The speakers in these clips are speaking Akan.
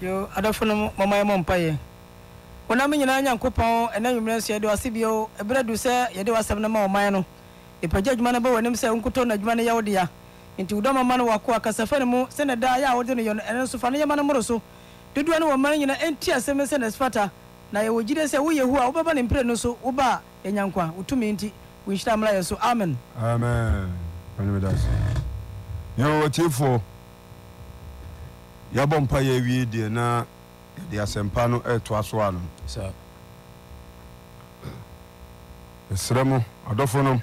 yo adafo no mɔmɔ yɛ mɔ mpa yɛ wonam nyinaa nyankopɔn ɛna nwumerɛ nso yɛde wase bio ɛberɛ du sɛ yɛde wasɛm no ma ɔman no yɛpagya adwuma no bɛ w'anim sɛ wonkotɔ no adwuma no yɛ wo nti wodɔma mama no wako akasafa no mu sɛne daa yɛ a wode no yɛ no ɛno nso fa no yɛma no mmoro so dodoɔ no wɔ ma no nyina ɛnti asɛm sɛ ne sfata na yɛwɔ gyide sɛ woyɛ hu a wobɛba ne mprɛ no so woba a yɛnya nkwa wotumi nti wonhyira mmra yɛ so amen amen yɛwɔ tiefoɔ yɛbɔ mpa yɛ awie deɛ na yɛde asɛmpa no ɛtoa so a no ɛsrɛ mo adɔfo nom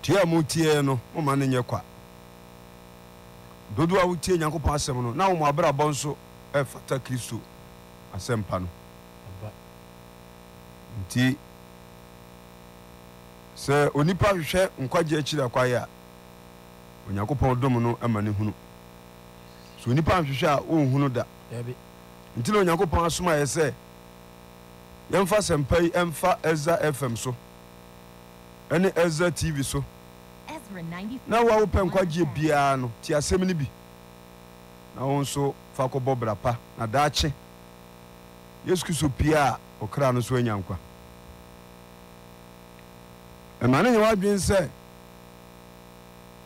tie a motiɛ no moma no nyɛ kwa dodo a wotie nyankopɔn asɛm no na womɔ abrabɔ nso ɛfata kristo asɛmpa no nti sɛ onipa hwehwɛ nkwagye akyiri akwaeɛ a onyankopɔn dom no ma no hunu so nipa nhwehwɛ a wɔnhunu da nti na onyankopɔn asomayɛ sɛ yɛmfa sɛmpa yi ɛmfa ɛza fm so ɛne ɛza tv so na woa wopɛ nkwagyeɛ biara no te asɛm no bi na wo nso fa kɔbɔ bra pa na daakye yesu kristo pie a ɔkra no so anya nkwa ɛma ne nyɛ woadwen sɛ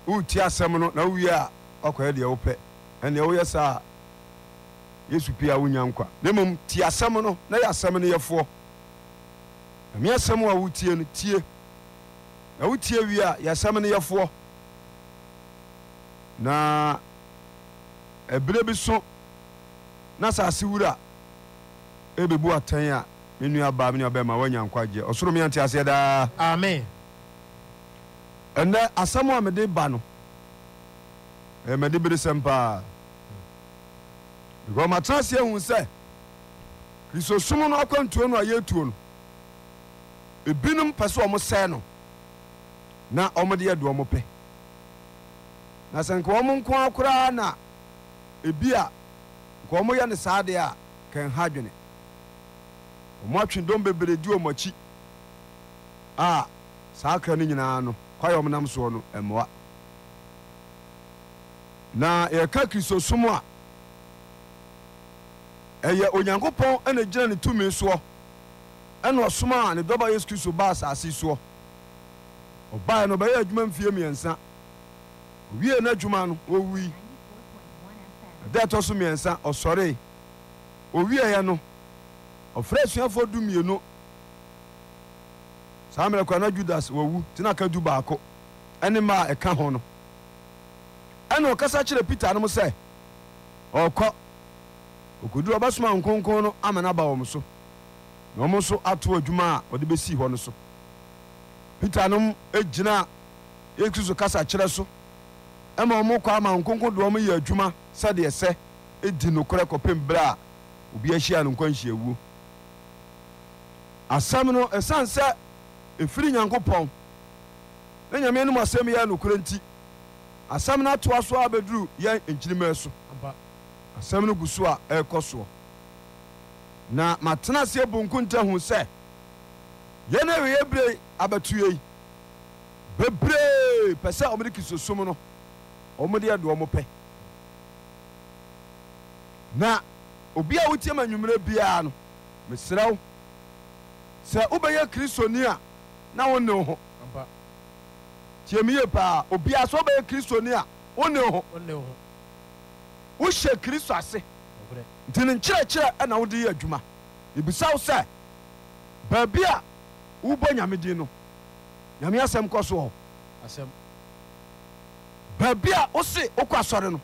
woretie asɛm no na wowie a ɔkɔyɛ deɛ wopɛ ɛneɛ woyɛ saa a yesu pia a wonya nkwa na mmom ti asɛm no na yɛ asɛm no yɛfoɔ ɛme asɛm a wotie no tie na wotie wie a yɛ asɛm no yɛfoɔ na ɛberɛ bi so na asase wura ɛbɛbu atɛn a me nuabaa me nuabɛma woanya nkwagyeɛ ɔsoro meante aseɛ daa amen ɛnɛ asɛm a mede ba no mede bere sɛm paa because matena aseɛ hu sɛ kristosom no akwantuo no a yɛtuo no ebinom pɛ sɛ ɔmo no na ɔmode yɛ doɔ mo pɛ na sɛ nka ɔmo nko a koraa na ebi a nka ɔmo yɛ no saa deɛ a kɛn ha dwene ɔmo atwe dɔm bebree di ɔmo akyi a saa kra no nyinaa no kwaeɛ ɔm nam soɔ no ɛmmoa na yɛka kristosom a ɛyɛ onyankopɔn ɛna gyina ne tumi soɔ ɛna ɔsom a ne dɔba yesu kristo baa asase soɔ ɔbaa no ɔbɛyɛ adwuma mfie mmiɛnsa owie no no ɔwui ɛda ɛtɔ so mmiɛnsa ɔsɔree owieɛ no ɔfrɛ asuafoɔ mmienu. saa mmerɛ kora na judas wawu nti na aka du baako ɛne ma a ɛka ho no ɛna ɔkasa kyerɛ peter nom sɛ ɔkɔ okoduru ɔbɛsoma nkonkon no ama no aba wɔm so na ɔmo nso ato adwuma a ɔde bɛsii hɔ no so peter nom gyina yesu kristo kasa kyerɛ so ɛma ɔmo kɔ ama nkonkon de ɔmo yɛ adwuma sɛdeɛ sɛ ɛdi nokorɛ kɔpem berɛ a obi ahyia no nkwanhyia wuo asɛm no ɛsiane sɛ ɛfiri nyankopɔn na nyame nom asɛm yɛ nokorɛ nti asɛm no atoa so a bɛduru yɛn nkyinima so asɛm no gu so a ɛrekɔ soɔ na matena aseɛ bonku nta hu sɛ yɛn awieɛ bere abɛtoyɛ yi bebree pɛ sɛ ɔmode kisosom no ɔmode ɛdoɔ mo pɛ na obi a ma anwummerɛ biara no mesrɛ wo sɛ wobɛyɛ kristoni a na wo ne ho tiemiye paa obia sɛ wobɛyɛ kristoni a wo ne ho wohyɛ kristo ase nti ne nkyerɛkyerɛ ɛna wode yɛ adwuma ebisa wo sɛ baabi a wobɔ nyame din no nyame asɛm kɔ so wɔ baabi a wo se wokɔ asɔre no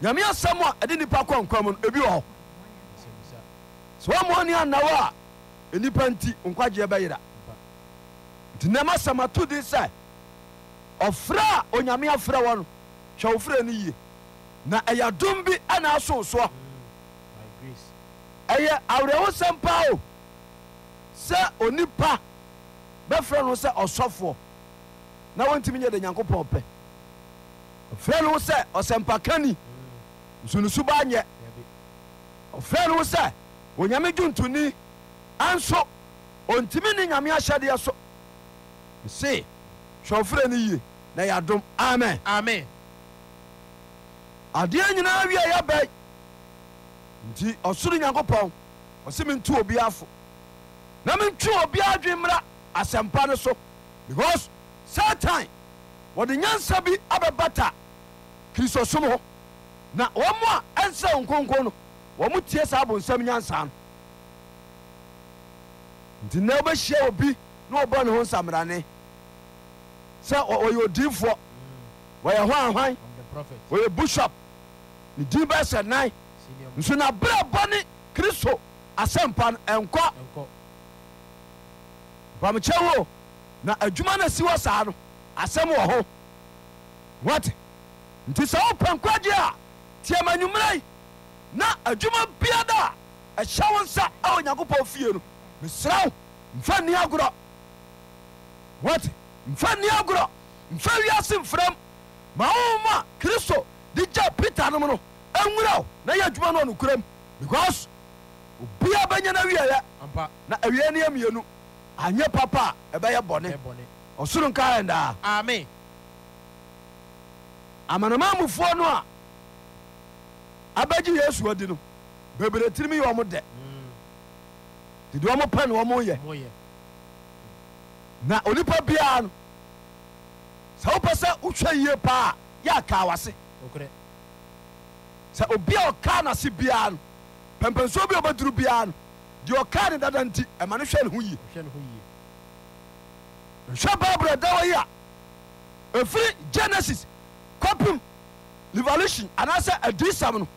nyame asɛm a ɛde nnipa kɔ nkwa mu no ebi wɔ hɔ sɛ woammoa ne anawo a nnipa nti nkwagyeɛ bɛyera nti nneɛma sɛmato din sɛ ɔfrɛ a onyame afrɛ wɔ no hwɛ wo frɛ no yie na ɛyɛ dom bi ana asow soɔ ɛyɛ awerɛhosɛm paa o sɛ onipa bɛfrɛ no sɛ ɔsɔfoɔ na wontimi nyɛ de nyankopɔn pɛ ɔfrɛ no wo sɛ ɔsɛmpakani nsunusu ba nyɛ ɔfrɛ no wo sɛ onyame dwontoni ɛnso ontimi ne nyame ahyɛdeɛ so se hwɛfrɛ no yie na yɛadom amen amen adeɛ nyinaa wie yɛbɛi nti ɔsoro nyankopɔn ɔse mente obiaa fo na mentwe obiaa dwen mmra asɛmpa no so because satan wɔde nyansa bi abɛbata kristosom hɔ na wɔmo a ɛnsɛ nkonko no wɔmo tie saa abonsɛm nyansa no nti na wobɛhyia obi nwɔbɔne hosamrane sɛ yɛ ifoɔ yɛ ɔaan yɛbushop ne din bɛsɛna nso na berɛbɔ ne kristo asɛm pa n nkɔ paekyɛwo na adwuma no asi wɔ saa no asɛm wɔ ho wate nti sɛ wopɔnkwagye a tiɛma nnwummerai na adwuma biada a ɛhyɛwo nsa a onyankopɔn fie no mesrɛ wo mfa nnia gorɔ wate mfa nnia gorɔ mfɛ wia se mfirɛm ma womaa kristo de gya pita nom no awurao na yɛ adwuma no ɔ nokurom because obia bɛnyano awieeɛ na awie neɔ me nu anyɛ papa a ɛbɛyɛ bɔne ɔsoro nkarendaa ami amanama mufoɔ no a abɛgye yesu a di no bebre tirim yɛ wɔ mo dɛ nte mm. de wɔmo pɛne ɔmoyɛ na onipa biara no sɛ wopɛ sɛ wohwɛ yie paa yɛ akaa wase sɛ obia ɔkaa nase biara no pɛmpɛnsuo bi a ɔbɛduru biara no deɛ ɔkaa ne dada nti ɛma no hwɛ ne ho yie nhwɛ bible ɛda wɔ yi a ɛfiri genesis kɔpem revolution anaasɛ adisam no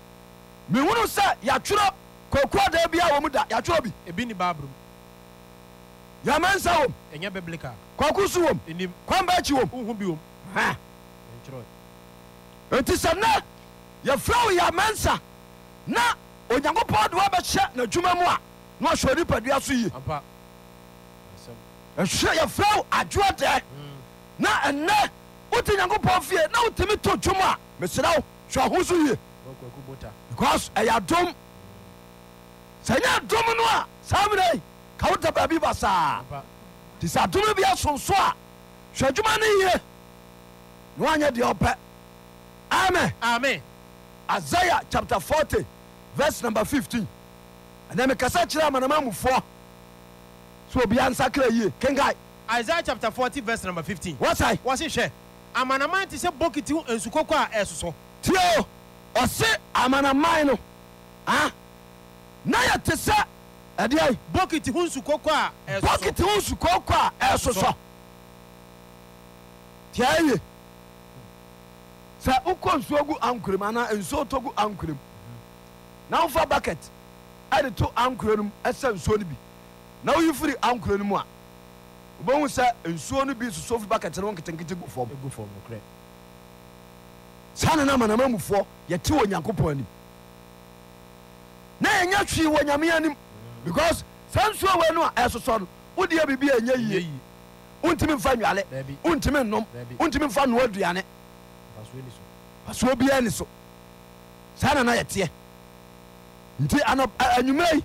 mehunu sɛ yɛatwerɛ kokoa daa bi a wɔ mu da yɛatwerɛ bi ebi ne bible mu ss wmw enti sɛnɛ yɛfrɛwo yaamansa na onyankopɔn dowa bɛhyɛ nadwuma mu a n wahɛnipadua so yeyɛfrɛwo adwuɔ dɛ mm. na ɛnɛ wo te onyankopɔn fie na wotimi to dwom a meserɛw ɛ ho so yeb ɛyɛ d s ɛnyɛn ka baabi ba saa nti bi asonso a hwɛ adwuma no yie na woanyɛ deɛ ɔpɛ amen amen isaiah chapter 40 verse number 15 ɛnɛ mekasa kyerɛ amanamamufoɔ sɛ obia nsakra yie kenkae isaiah chapter 40 verse number 15 wɔsae wɔse hwɛ amanaman te sɛ bokiti nsukoko a ɛsoso tio ɔse amanaman no a ah. na yɛte sɛ ɛdeɛ bokiti ho koko a bokiti ho koko a ɛsosɔ tiɛ ye sɛ wokɔ nsuo gu ankorem ana nsuo tɔ gu ankorem na wofa bucket ɛde to ankorɛ no mu ɛsɛ nsuo no bi na woyi firi ankorɛ no mu a wobɛhu sɛ nsuo no bi soso firi bucket no nketenkete gu fam saa ne no amanama mufoɔ yɛte wɔ onyankopɔn anim na yɛnya hwee wɔ nyame anim because sɛ nsuo wei no a ɛsosɔ no wodeɛ biribi a ɛnyɛ yie wontimi mfa nnwale wontimi nnom wontimi mfa nnoa aduane pasuo biaa ni so saa nana yɛteɛ nti anwummerɛ yi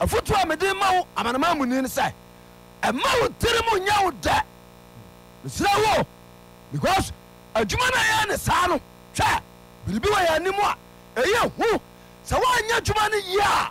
afotuo a mede ma wo amanama muni no sɛ ɛma wo tiri mu nyɛ wo dɛ mesrɛ wo because adwuma no ɛyɛ ne saa no hwɛ biribi wɔ yɛ anim a ɛyɛ hu sɛ woanyɛ adwuma no yie a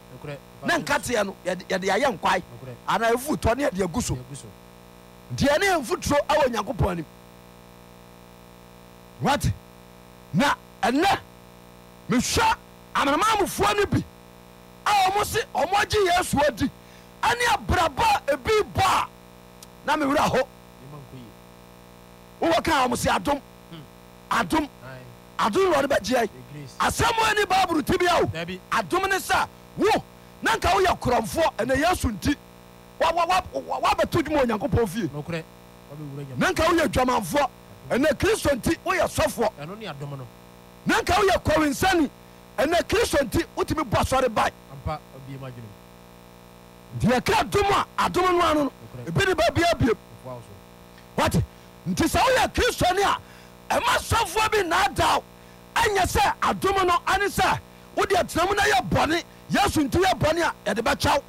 na nkateɛ no yɛde ayɛ nkwae anaa ɛfu tɔ ne yɛde agu so deɛ ne yɛmfoturo awɔ onyankopɔn anim wat na ɛnɛ mehwɛ amanamaamufoɔ no bi a ɔmo se ɔmɔgye yesu adi ane abrabɔ ebi bɔ a na mewerɛ hɔ wowɔ ka ɔmo se adom hmm. adom adom wɔde bɛgyeɛ asɛm ani bible tibi ao adom ne sɛ wo na nka woyɛ korɔmfoɔ ɛnɛ yesu nti woabɛto dwuma onyankopɔn fie na nka woyɛ dwamanfoɔ ɛnɛ kristo nti woyɛ sɔfoɔ na nka woyɛ kɔwensani ɛnɛ kristo nti wotumi bɔ sɔre bae deɛ kra dom a adom no ano no ebi ne babia biem wat nti sɛ woyɛ kristoni a ɛma sɔfoɔ bi naadaw ɛnyɛ sɛ adom no ane sɛ wode atenamu no yɛ bɔne yesu nti yɛ bɔne a yɛde bɛkyaw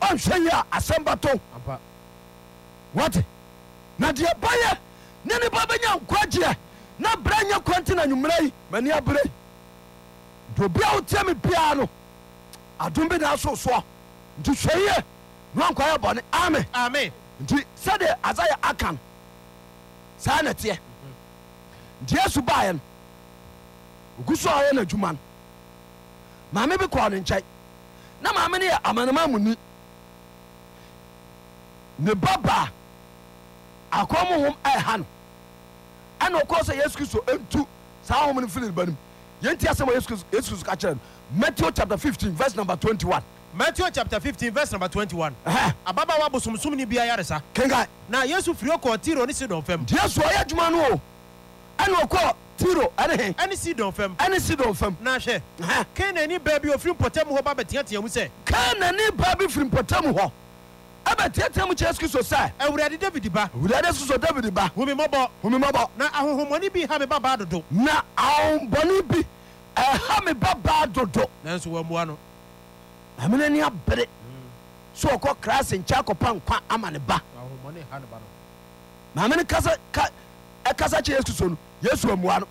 ɔnhwɛ yi a asɛm bɛto wate na deɛ bɛyɛ ne nipa bɛnya nkwagyeɛ na berɛ nyɛ kwan na anwummerɛ yi mani abere nti obi a wotia me biaa no adom bi na aso soɔ nti hwɛ yie na wankwa yɛ bɔne ame nti sɛdeɛ asaya aka no saa na teɛ mhm. nti yesu baeɛ no ogu so ɔyɛ no adwuma no maame bi kɔɔ ne nkyɛn na maame no yɛ amanama ni ne ba baa akɔn mu hom ɛha no ɛna ɔkɔɔ sɛ yesu kristo ɛntu saa hom no firi ne ba nim yɛnti asɛm a yesu kristo ka kyerɛ no matthew chapter fifteen verse number 21 matthew chapter 15 verse number 21 ababaawa bosomsom ni bia yaresa kenka na yesu firi ɔkɔɔ tiro ne sidon fam yesu ɔyɛ adwuma no o ɛna ɔkɔɔ tiro ɛne he ɛne sidon fam ɛne sidon fam na hwɛ kanani baa bi ofiri mpɔtam hɔ ba bɛteateam sɛ kanani baa bi firi mpɔtam hɔ ɛbɛteateam kyerɛ kristo sɛ awurade david ba awurade soso david ba homimɔbɔ homimɔbɔ na ahohommɔne bi ha me babaa dodo na ahohommɔne bi ɛha me babaa dodo nanso wammua no amene ani abere sɛ ɔkɔ krase nkyɛ akɔpa nkwa ama ne ba maame ne kasa ɛkasa kyerɛ yesu so no yesu amua no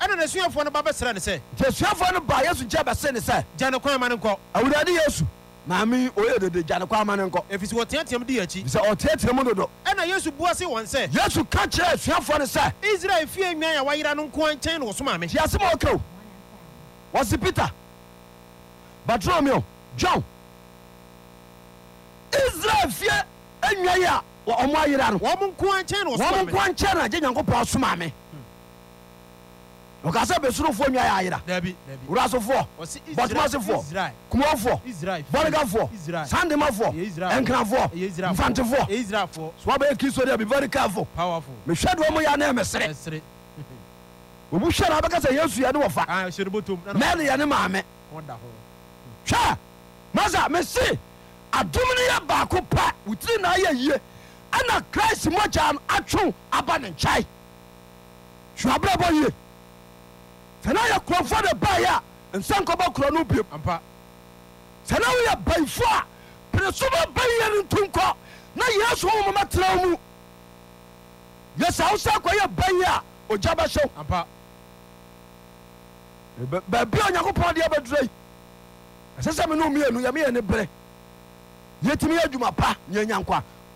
ɛna nasuafoɔ no ba bɛsrɛ ne sɛ nti asuafoɔ no baa yesu nkyɛ bɛse ne sɛ gya ne kwan ma no nkɔ awurade yesu maame oyɛ dede gya ne kwan ma no nkɔ ɛfiri sɛ wɔteateam di akyi sɛ ɔteateɛ mu dodo ɛna yesu bua se wɔn sɛ yesu ka kyerɛ asuafoɔ no sɛ israel fie nwan a wayera no nko nkyɛn na wɔsoma me nti asɛm a ɔka o wɔse peter bartolomeo john israel fie anwan a ɔmo ayera no wɔn nko ankyɛn na agye nyankopɔn asoma me ɔka sɛ bɛsorofoɔ nwa yɛ ayera wurasofoɔ bɔtomasefoɔ kumafoɔ bɔregafoɔ sandemafoɔ ɛnkrafoɔ mfantefoɔ so wabɛyɛ kristo de a be very careful mehwɛ deɛ ɔmo yɛ ne mesere obi hwɛ no abɛka yesu yɛ ne wɔ fa yɛ ne maame hwɛ masa mese adom yɛ baako pa wotiri na ayɛ yie ɛna christ mogya no atwe aba ne nkyɛe hwɛabrɛbɔ yie sɛ na yɛ kurɔfoɔ de baeɛ a nsa nkɔbɔ kurɔ no biom sɛ na woyɛ baifo a pere so no ntu na yesu wo mama tena wo mu yɛ sɛ wo sɛ kɔyɛ bayi a ogya bɛhyɛw baabi a onyankopɔn deɛ bɛdura yi ɛsɛ sɛ me ne omienu yɛmeyɛ ne berɛ yɛtumi yɛ adwuma pa nyɛ nyankwa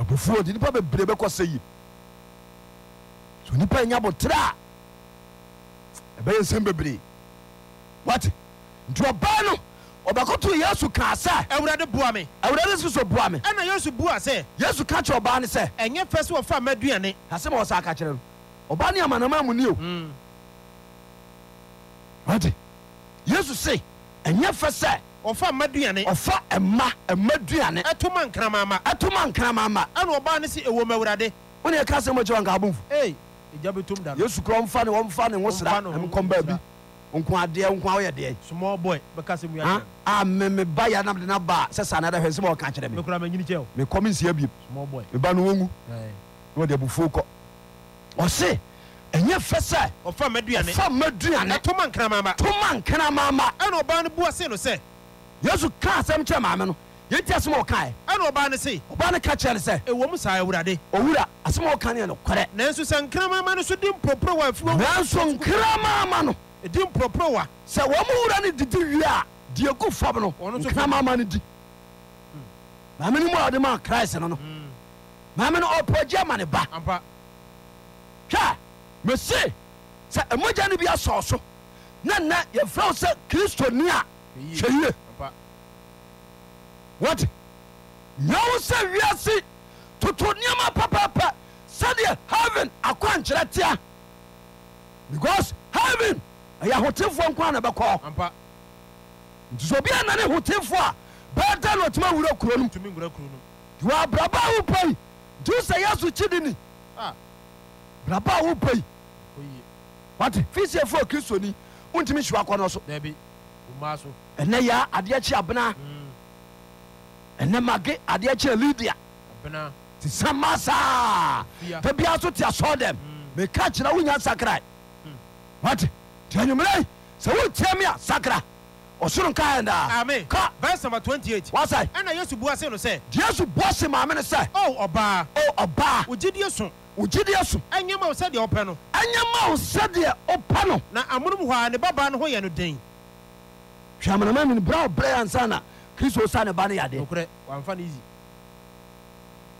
abufuo nti nipa bebree bɛkɔ sɛ yi so nipa yɛ nya botere a ɛbɛyɛ nsɛm bebree wate nti ɔbaa no ɔbɛkɔto yesu kaa sɛ awurade boa me awurade si so boa me ɛna yesu bua sɛ yesu ka kyerɛ ɔbaa no sɛ ɛnyɛ fɛ sɛ wɔfa maduane asɛm a wɔsa ka kyerɛ no ɔbaa ne amanama mu ni o hmm. wate yesu se ɛnyɛ fɛ sɛ ɔfa mma duane ɔfa ɛma ɛma duane ɛto ma nkrama ma ɛto ma nkrama ma ɛna ɔbaa ne sɛ ɛwɔ mu awurade wone ɛka sɛ makyɛ wanka abomfu ei ɛgya bɛtom da yesu korɔ mfa ne wɔmfa ne wo sra mkɔm baa nko adeɛ nko a deɛ small boy bɛka sɛ mu a me me ba ya nam de na ba sɛ saa na da hwɛ sɛ ma ɔka kyerɛ me mekora manyini kyɛw mekɔ me nsia biem small boy meba no wɔngu na wɔde abufuo kɔ ɔse ɛnyɛ fɛ sɛ ɔfa maduane ɔfa maduane toma nkramama toma nkramama ɛna ɔbaa no bua se no sɛ yesu ka asɛm kyerɛ maame no yɛnti asɛm a ɔkaɛ ɛna ɔbaa no se ɔbaa no ka kyerɛ no sɛ ɛwom saa awurade owura asɛm a ɔka ne yɛ nokorɛ nanso sɛ nkramaama no so di mporoporo wɔ afuo nanso nkramaama no ɛdi mporoporo wa sɛ wɔn mu wura no didi wie a deɛ gu fam no nkramaama no di hmm. maame no mu a ɔde maa christ no no hmm. maame no ɔpɔgye ma ne ba hwɛ mese sɛ ɛmogya no bi asɔɔ so na nnɛ yɛfrɛ wo sɛ kristoni a hwɛ yie wate nyawo sɛ wiase toto nneɛma papapa sɛdeɛ heaven akwankyerɛ tea because heaven ɛyɛ ahotefoɔ nko a na bɛkɔ nti sɛ obi a nane hotefoɔ a bɛɛ da na ɔtumi awura kuro no wɔ abraba a wopa yi nti wo sɛ yesu kyidi ni braba a wopa yi wate fisiefoɔ kristoni wontumi hyiwa kɔ no so ɛnɛ yɛ adeɛ kyi abena mm ɛnɛ mage adeɛ kyerɛ lydia ti sama saa fa bia so te asɔ dɛm meka kyerɛ wonya sakra wat nti anwumerɛ sɛ wotia me a sakra ɔsoro nka ɛndaa ka verse number 28 wasae ɛna yesu bua se no sɛ yesu bua se maame no sɛ o ɔbaa o ɔbaa ogyidie so wogyideɛ so ɛnyɛ ma wo sɛdeɛ wopɛ no ɛnyɛ ma wo sɛdeɛ wopɛ no na amonom hɔ a ne babaa no ho yɛ no den hwɛ amanama mene berɛ wo ansa na kristo sa ne ba ne yadeɛ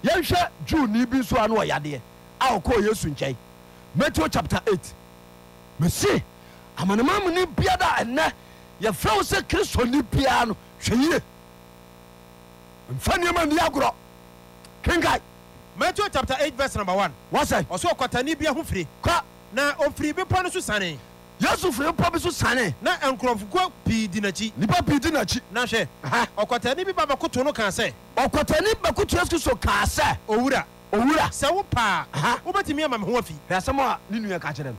yɛnhwɛ juni bi nso a no a ɔkɔɔ yesu nkyɛn matthew chapter eight. mesi amanema mu ne bia da ɛnɛ yɛfrɛ wo sɛ kristoni biara no hwɛ yie mfa nneɛma nni agorɔ kenkae matthew chapter eight verse number 1 wɔsɛ ɔsɛ ɔkwatani bia ho firi na ɔfiri bepɔ no so sanee yesu firi mpɔ bi so sane na nkurɔfokuo pii di n'akyi nipa pii di n'akyi na hwɛ ɔkɔtani bi ba bɛkoto no kaa sɛ ɔkɔtani bɛkoto yesu so kaa sɛ owura owura sɛ wo paa wobɛtumi ama me ho afi hwɛ asɛm a ne nua ka kyerɛ no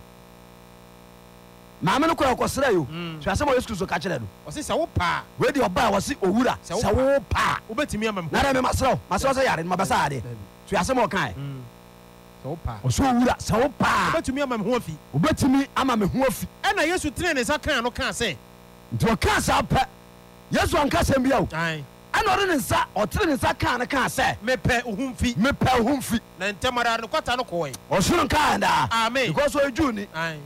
maame no kora ɔkɔserɛ yo hmm. hwɛ asɛm a yesu kristo ka kyerɛ no ɔse sɛ wo paa weidi ɔbaa wɔse owura sɛ wo paa wobɛtumi ama me ho nara me maserɛ wo maserɛ wo sɛ yare no mabɛsɛ adeɛ hmm. hwɛ asɛm a ɔkaɛ hmm ɔsɛ owura sɛ wo paawobɛtumi ama me ho afi wobɛtumi ama me ho afi ɛna yesu tene ne nsa kaa no kaa sɛ nti ɔkaa saa pɛ yesu anka sɛm bia o ɛna ɔde ne nsa ɔtere ne nsa kaa no kaa sɛ mepɛ ohum fi mepɛ ohum fi na ntɛm ara no kwata no kɔe ɔsoro nkaa daa amen because ɔyɛ juu ni hmm.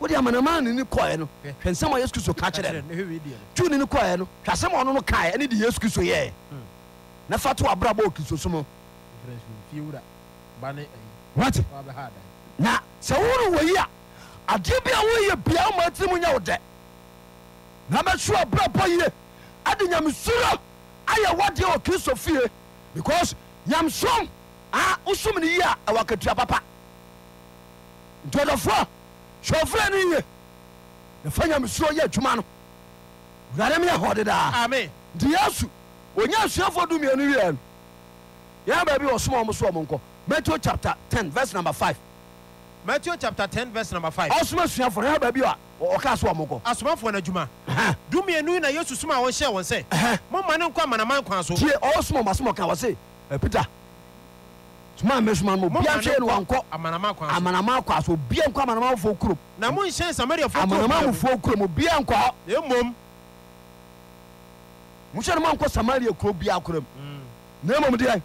wode amanamaa ne ni kɔɛ no hwɛ nsɛm a yesu kristo ka kyerɛ no juu ne ni kɔɛ no hwɛ asɛm a ɔno no kaeɛ ɛne de yesu kristo yɛɛ hmm. na fa to abrabɔ wɔ Eh, wati na sɛ wone wɔyi a adeɛ bi a woyɛ bia wo matiri mu nyɛ wo dɛ na mɛso abrabɔ yie ade nyamesuro ayɛ wadeɛ wɔ kristo fie because nyamesom a wosom ne yie a ɛwɔ akatua papa nti ɔdɔfoɔ sɔfrɛ no ye na fa nyamesuro yɛ adwuma no wurade meyɛ hɔ dedaa nti yesu ɔnya asuafoɔ dumienu wie no yɛn baabi wɔsoma ɔmo so ɔmo nkɔ matthew chapter ten verse number five. matthew chapter ten verse number five. ɔsoma suafoɔ ɛyɛ baabi a ɔka so ɔmo kɔ. asomafoɔ no adwuma. dumienu yi na yesu suma a wɔn hyɛ wɔn sɛ. mo ma ne nkɔ amanaman kwan so. tie ɔsoma ɔmasoma kan wɔ se peter suma mɛ suma no obiara hwɛ no wankɔ amanama kɔ aso obiara nkɔ amanama foɔ kurom. na mo nhyɛn samaria foɔ kurom. amanama foɔ kurom obiara nkɔ. emom. mo hyɛn mo ankɔ samaria kuro biara kurom. Mm na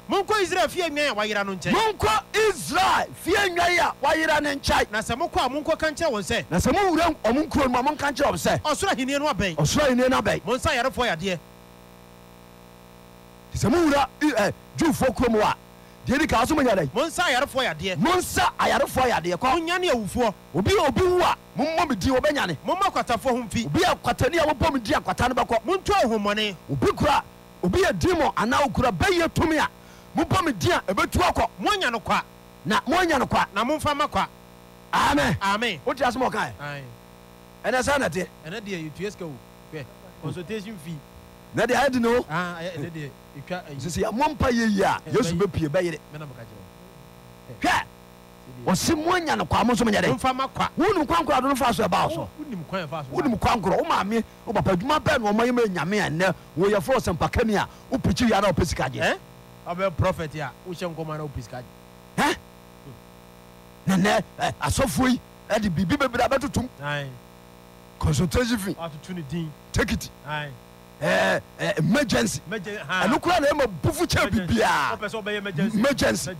monkɔ israel fie nwan a wayera no nkyɛn monkɔ israel fie nwan a wayera no nkyɛn na sɛ mokɔ a monkɔ ka nkyerɛ wɔn sɛ na sɛ mowura ɔmo nkuro no a monka nkyerɛ wɔm sɛ ɔsoro ahenni no abɛn ɔsoro ahenni no abɛn monsa ayarefoɔ yadeɛ sɛ mowura jufoɔ kuro mu a deɛ di kaa so monya dɛn monsa ayarefoɔ yadeɛ monsa ayarefoɔ yadeɛ kɔ monyane awufoɔ obi obi wu a mommɔ me din wɔbɛnyane momma kwatafoɔ ho mfi obi akwatani a mobɔ me din akwata no bɛkɔ monto ahomɔne obi kora obi yɛ dimɔ anaa okura bɛyɛ tumi a mobɔ me din a ɛbɛtu akɔ moanya no kwa na moanya no kwa na momfa ma kwa amen amen wote ase ma ɔkaɛ ɛnɛ sɛ na deɛ ɛnɛ deɛ yɛtua sika wo hwɛ consultation fee na deɛ ayɛ de no sɛ sɛ yɛmmɔ mpa yɛyi a yesu bɛpie bɛyere hwɛ ɔsi mu anya no kwa mo nso mo nyɛ dɛ wonim kwan korɔ ado no fa so ɛbaa so wonim kwan korɔ wo maame wo papa adwuma bɛɛ na ɔma yi ma nyame a nnɛ wɔyɛ fo ɔsɛmpakani a wopikyi wie ana wopɛ sika gye ɔbɛ prɔfɛt a wohyɛ nkɔma na wopɛ sika gye eh? ɛ nɛnɛ eh, asɔfoɔ yi ɛde eh, biribi bebree abɛtotom consultation fee tekiti emergency ɛno na ɛma bufu kyɛ bibiaa emergency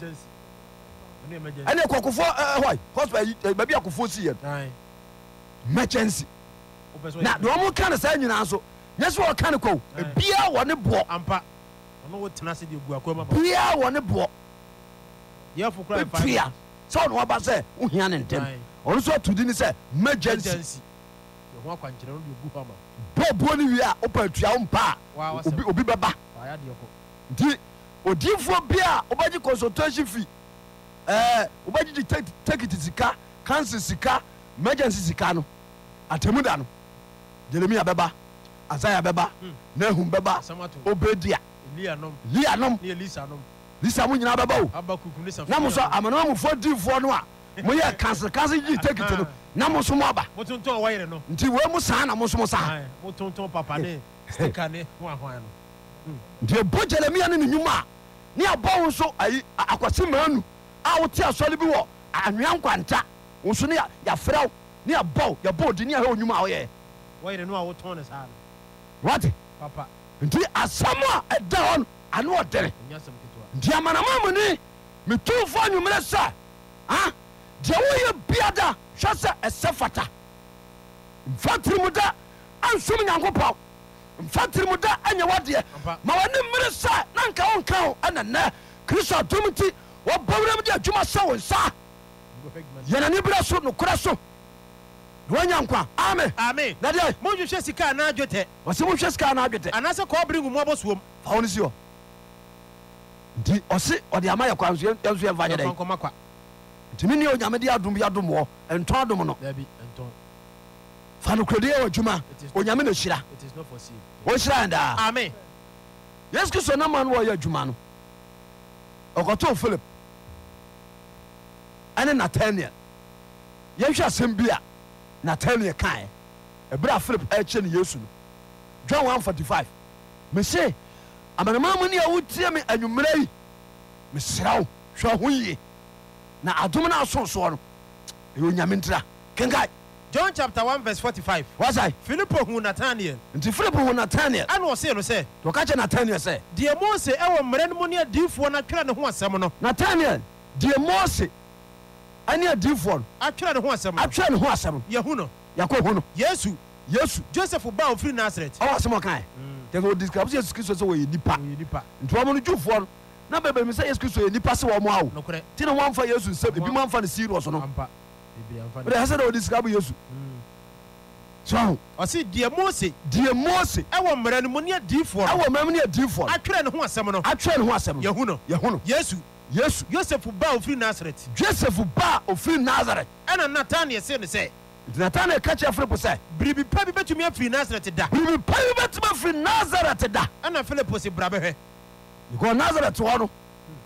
ɛne kɔkofoɔ hɔ hospital baabi akofoɔ si yɛm emergency na deɛ ɔmo ka no saa nyinaa so nyɛ sɛ wɔka no kɔw biaa wɔ ne boɔ biaa wɔ ne boɔ bɛpia sɛ ɔne wɔba sɛ wohia ne ntɛm ɔno so ato din sɛ emergency bɔbuo no wie a wopa atua wo mpa a obi bɛba nti odiifoɔ bi a wobɛgye consultation fee ɛɛ eh, wobɛgyegye tekiti sika kansi sika emergency sika no atemu da no jeremia bɛba isaiah bɛba nahum bɛba obedia lia nom lisa mo nyinaa bɛba o na mo so amanamamufoɔ diifoɔ no a moyɛ kansi kansi gyi tekiti no na mo so mo aba nti wei mo saa na mo so mo saa eh. hmm. nti ɛbɔ jeremia ne ne nwuma a ne abɔ wo nso ayi akwasi maanu awo ti asɔle bi w awea nkwanta osn yafrɛ n dinumwynti asɛma ɛdan anedere ntia amanama muni me tumfo anwumere sɛ deɛ woye biada swɛ sɛ ɛsɛ fata mfatiri mu da ansom nyankopɔw mfatiri mu da anyɛ wadeɛ ma wane mere sɛ na nka wo nka anenɛ kristo atom nti wɔbɔ werɛm de adwuma sɛ wo nsa yɛnani berɛ so nokorɛ so na wanya nkwa ame ame na deɛ monhwehwɛ sika anaa dwetɛ ɔsɛ monhwɛ sika anaa dwetɛ anaasɛ kɔɔbere ngu mu abɔsuom fa wo no si hɔ nti ɔse ɔde ama yɛ kwa nso yɛmfa nyɛ dɛ nti mene onyame de adom bi adom wɔ ɛntɔn adom no fa nokoradeɛ wɔ adwuma onyame na hyira wɔhyira yɛn daa yesu kristo nama no wɔyɛ adwuma no ɔkɔtoo philip ɛne nathaniel yɛhwɛ asɛm bi a nathaniel kae ɛberɛ a philip ɛkyɛ no yesu no john 145 mese amanama mu ne a wotie me anwummerɛ yi mesrɛ wo hwɛ ho yie na adom no asonsoɔ no ɛyɛ onyame ntira kenkae john chapter 1 verse 45 filipo hu nathaniel nti filipo hu nathaniel ɛne ɔsee no sɛ ɔka kyɛ nathaniel sɛ deɛ mose ɛwɔ mmerɛ no mu ne adiifoɔ no atwerɛ ne ho asɛm no nathaniel deɛ mose ɛne adiifoɔ no atwerɛ ne ho asɛm atwerɛ ne ho asɛm no yɛhu no yɛkɔ hu no yesu yesu joseph ba ofiri nasaret ɔwɔ asɛm ɔkae mm. tɛsɛ ɔdiscribe sɛ yesu kristo sɛ wɔyɛ nipa nti wɔmo no dwufoɔ no na bɛbɛmi sɛ yesu kristo yɛ nipa sɛ wɔmo awo nti na wɔamfa yesu nsɛm ebi mu amfa no serious no wode ɛsɛ dɛ ɔdiscribe yesu mm. sɔho ɔse deɛ mose deɛ mose ɛwɔ mmerɛ no mu ne adiifoɔ ɛwɔ mmerɛ mu ne adiifoɔ atwerɛ ne ho asɛm no atwerɛ ne ho asɛm no yɛhu no yɛhu no yesu yo bafriatjosepf ba ofiri nazareth ɛna nathania se no sɛ nt natania ka cha filip sɛ biribi pabi bɛtumi afiri naaret da birbi pabibɛtumi afiri nazaret da ɛna filip se brabɛfɛ bnasaret ɔno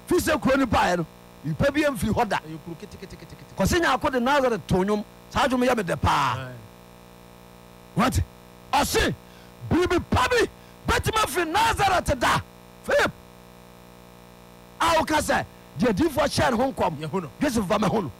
fi sɛ kurone paɛno ipa bi amfiri hɔ dakose nyaako de nasaret tonwom saa dwome ya medɛ paa ɔse biribi pabi bɛtumi afiri nazaret da filip a woka sɛ deɛ adiyifoɔ hyɛ ne ho nkɔm joseph va mɛho no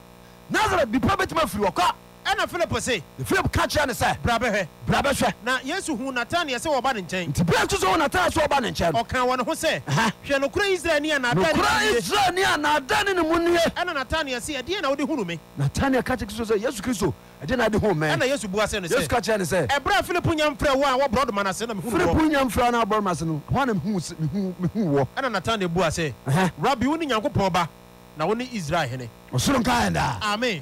nasaret bipa bɛtumi afiri wɔkɔ ɛna philip se philip ka kyerɛ ne sɛ bra bɛhwɛ bra bɛhwɛ na yesu hu natanael sɛ wɔba ne nkyɛn nti berɛ nso so wo natanael sɛ wɔba ne nkyɛn no ɔkaa wɔ ne ho sɛ hwɛ nokora israelni anadnokora israelni anaada ne ne mu nie ɛna natanael se ɛdeɛ na wode hunu me natanael ka kyerɛ sɛ yesu kristo ɛdeɛ na ade hu mɛ ɛna yesu bua sɛ no sɛ yesu ka kyerɛ ne sɛ ɛberɛ a philip nya mfrɛ wo a wɔbrɔ doma no ase na mehu philip nya mfrɛ no abrɔ doma ase no hɔ na mehu wɔ ɛna natanael bua sɛ rabbi wo ne nyankopɔn ba na wo ne israel hene ɔsoro nkaɛ daa amen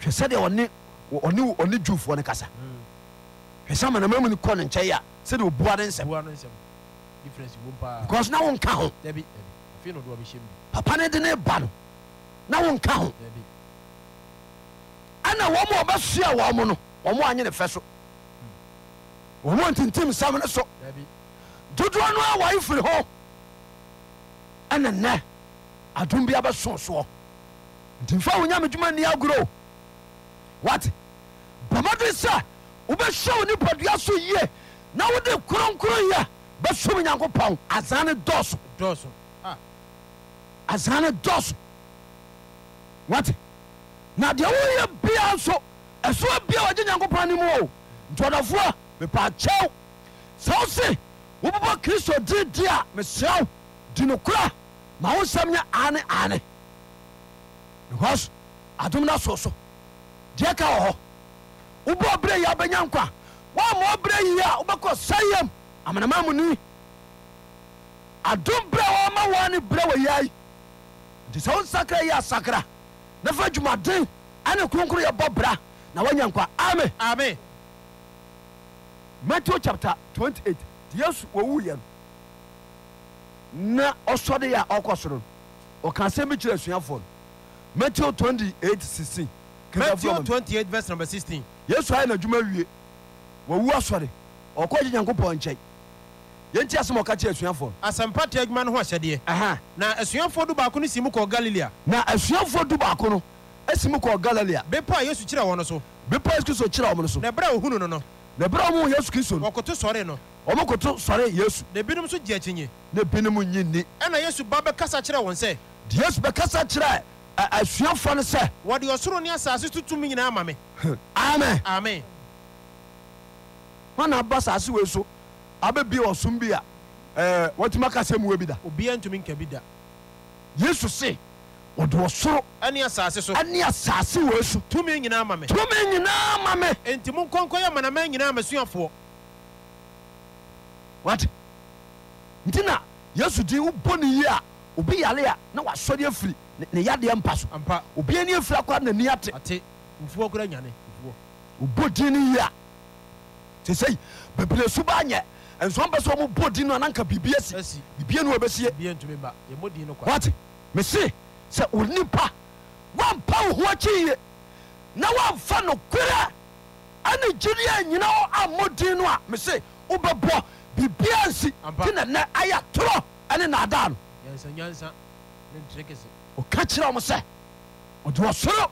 hwɛ sɛdeɛ ɔne ɔne ɔne jufoɔ no kasa hwɛ sɛ amanamamu no kɔ ne nkyɛe a sɛdeɛ ɔbua ne nsɛm because na wonka ho papa no de ne ba no na wonka ho ɛna wɔ ma ɔbɛsoa wɔ mo no ɔmo anye ne fɛ so ɔmo ntintim sam no so dodoɔ no a wɔye firi ho ɛne nnɛ adom bi abɛso soɔ nti mfa wo nyame dwuma nni agoroo wbamade sɛ wobɛhyɛwo nipadua so ye na wode krokroyɛ bɛsom nyankopɔn eane so deɛwoyɛ bia nso ɛsowa biawagye nyankopɔn nimontodafoɔ bepɛkyɛw swose wobobɔ kristo dindin a mesawo dinokora mawosɛmnyɛ aneneoo deɛ ka wɔ hɔ wobɔ berɛ yi a wobɛnya nkwa woama ɔberɛ yi a wobɛkɔ sayam amanama mu ni adom berɛ a wɔma wɔn ne berɛ wɔ yai nti sɛ wonsakra yi asakra na fa adwumaden ane kronkro yɛbɔ bra na woanya nkwa ame ame matthew chapter 28 yesu wɔwuyɛ no na ɔsɔde yɛ a ɔkɔ soro no ɔka asɛm bi kyerɛ asuafoɔ no matthew 28 16 matthew twenty eight verse number sixteen. yesu ayɛ n'adwuma wie wɔwu asɔre ɔkɔ gye nyankopɔn nkyɛn yɛnti asɛm ɔka kyerɛ asuafoɔ asɛmpa te adwuma no ho ahyɛdeɛ na asuafoɔ du baako no si mu kɔɔ galilea na asuafoɔ du baako no asi mu kɔɔ galilea bepɔ a yesu kyerɛ wɔ no so bepɔ a yesu kristo kyerɛ wɔm no so na ɛberɛ a ohunu no no na ɛberɛ a ɔmo yesu kristo no wɔkoto sɔre no ɔmo koto sɔre yesu na ebinom nso gye akyinye na ebinom nyi nni ɛna yesu ba bɛkasa kyerɛ wɔn sɛ yesu bɛkasa kyerɛ asuafoɔ no sɛ wɔde ɔsoro ne asase tutumi nyinaa ma me amen amen wọn na ba saasi wei so abɛbie ɔsom bi a ɛɛ e, wɔtumi aka sɛ muwe bi da. obiara ntumi nka bi da. yesu se wɔde ɔsoro. ɛne asaase so. ɛne asaase wei so. tumi nyinaa ma mi. tumi nyinaa ma mi. nti mu nkɔnkɔ yɛ manaman nyinaa ma suafoɔ. wati nti na yesu di wo bɔ ne yie a obi yare a na wasɔre afiri yadeɛ mpa so obnafra kwa naniate obdin no yi a sesei bebinesu baanyɛ nsu pɛ sɛ mobɔdin no ananka basbibia nabɛsie mese sɛ onipa wampa ohoa khiye na wamfa no kore anigeria nyinaɔ amɔdin no a mese wobɛbɔ birbia nsi tenanɛ aya torɔ ɛne naadaa no ɔka kyerɛ m sɛ ɔde ɔsoro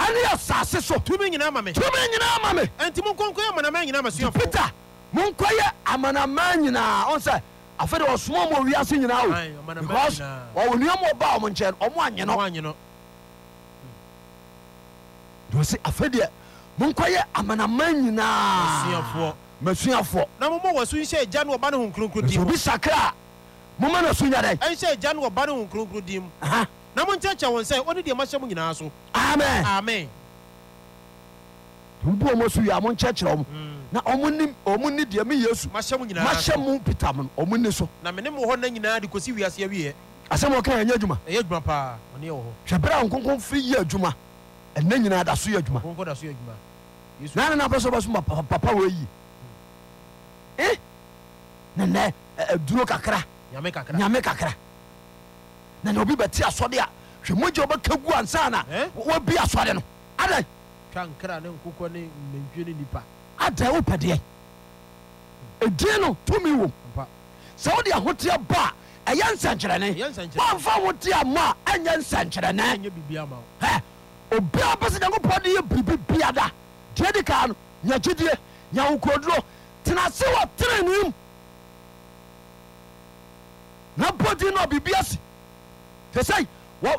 ɛne asase so tumi nyinaa ma me tumi nyinaa ma me ɛnti monkɔnkɔyɛ amanama nyinaa masuafo peter monkɔyɛ amanama nyinaa ɔn sɛ afei de ɔsoma ma owiase nyinaa o Aye, ɔmanama because nyinaa. ɔwɔ nneɛma ɔba ɔmo nkyɛn no, ɔmo anye no anyeno de ɔse afei deɛ monkɔyɛ amanama nyinaa Masuafoɔ. masuafoɔ na momɔ wɔ so nhyɛ agya ne wɔba ne ho nkronkro nti din mu obi sakra a moma no so nya dɛn ɛnhyɛ agya ne wɔba ne ho nkronkro din mu na monkyerɛkyerɛ wɔn sɛ ɔne deɛ mahyɛ mu nyinaa so amen amen mbu ɔmo so yɛ a monkyerɛkyerɛ ɔmo mm. na ɔmo ni ɔmo ni deɛ me yesu mahyɛ mu nyinaa mahyɛ mu pita mu ɔmo ni so na mene mo hɔ na nyinaa de kɔsi wiase awiɛ asɛm ɔka ɛnyɛ adwuma ɛyɛ adwuma paa ɔne yɛ wɔ hɔ hwɛ nkonkon firi yɛ adwuma ɛnɛ nyinaa da so yɛ adwuma nkonkon da so yɛ adwuma na ne napɛ sɛ ɔbɛso ma papa wɔ yi mm. eh nenɛ aduro kakra nyame kakra nyame kakra nan obi bɛte sɔde a hwɛ mgya wbɛkagansawbiasɔde nooɛ in w sɛ wode ho teɛ ba ɛyɛ nsɛnkyerɛnemfaotama ɛyɛ nsɛnkyerɛne obiawɛsɛ nyakopɔ dyɛ biribibiatenase wtrnm napin n a bibiase te sɛi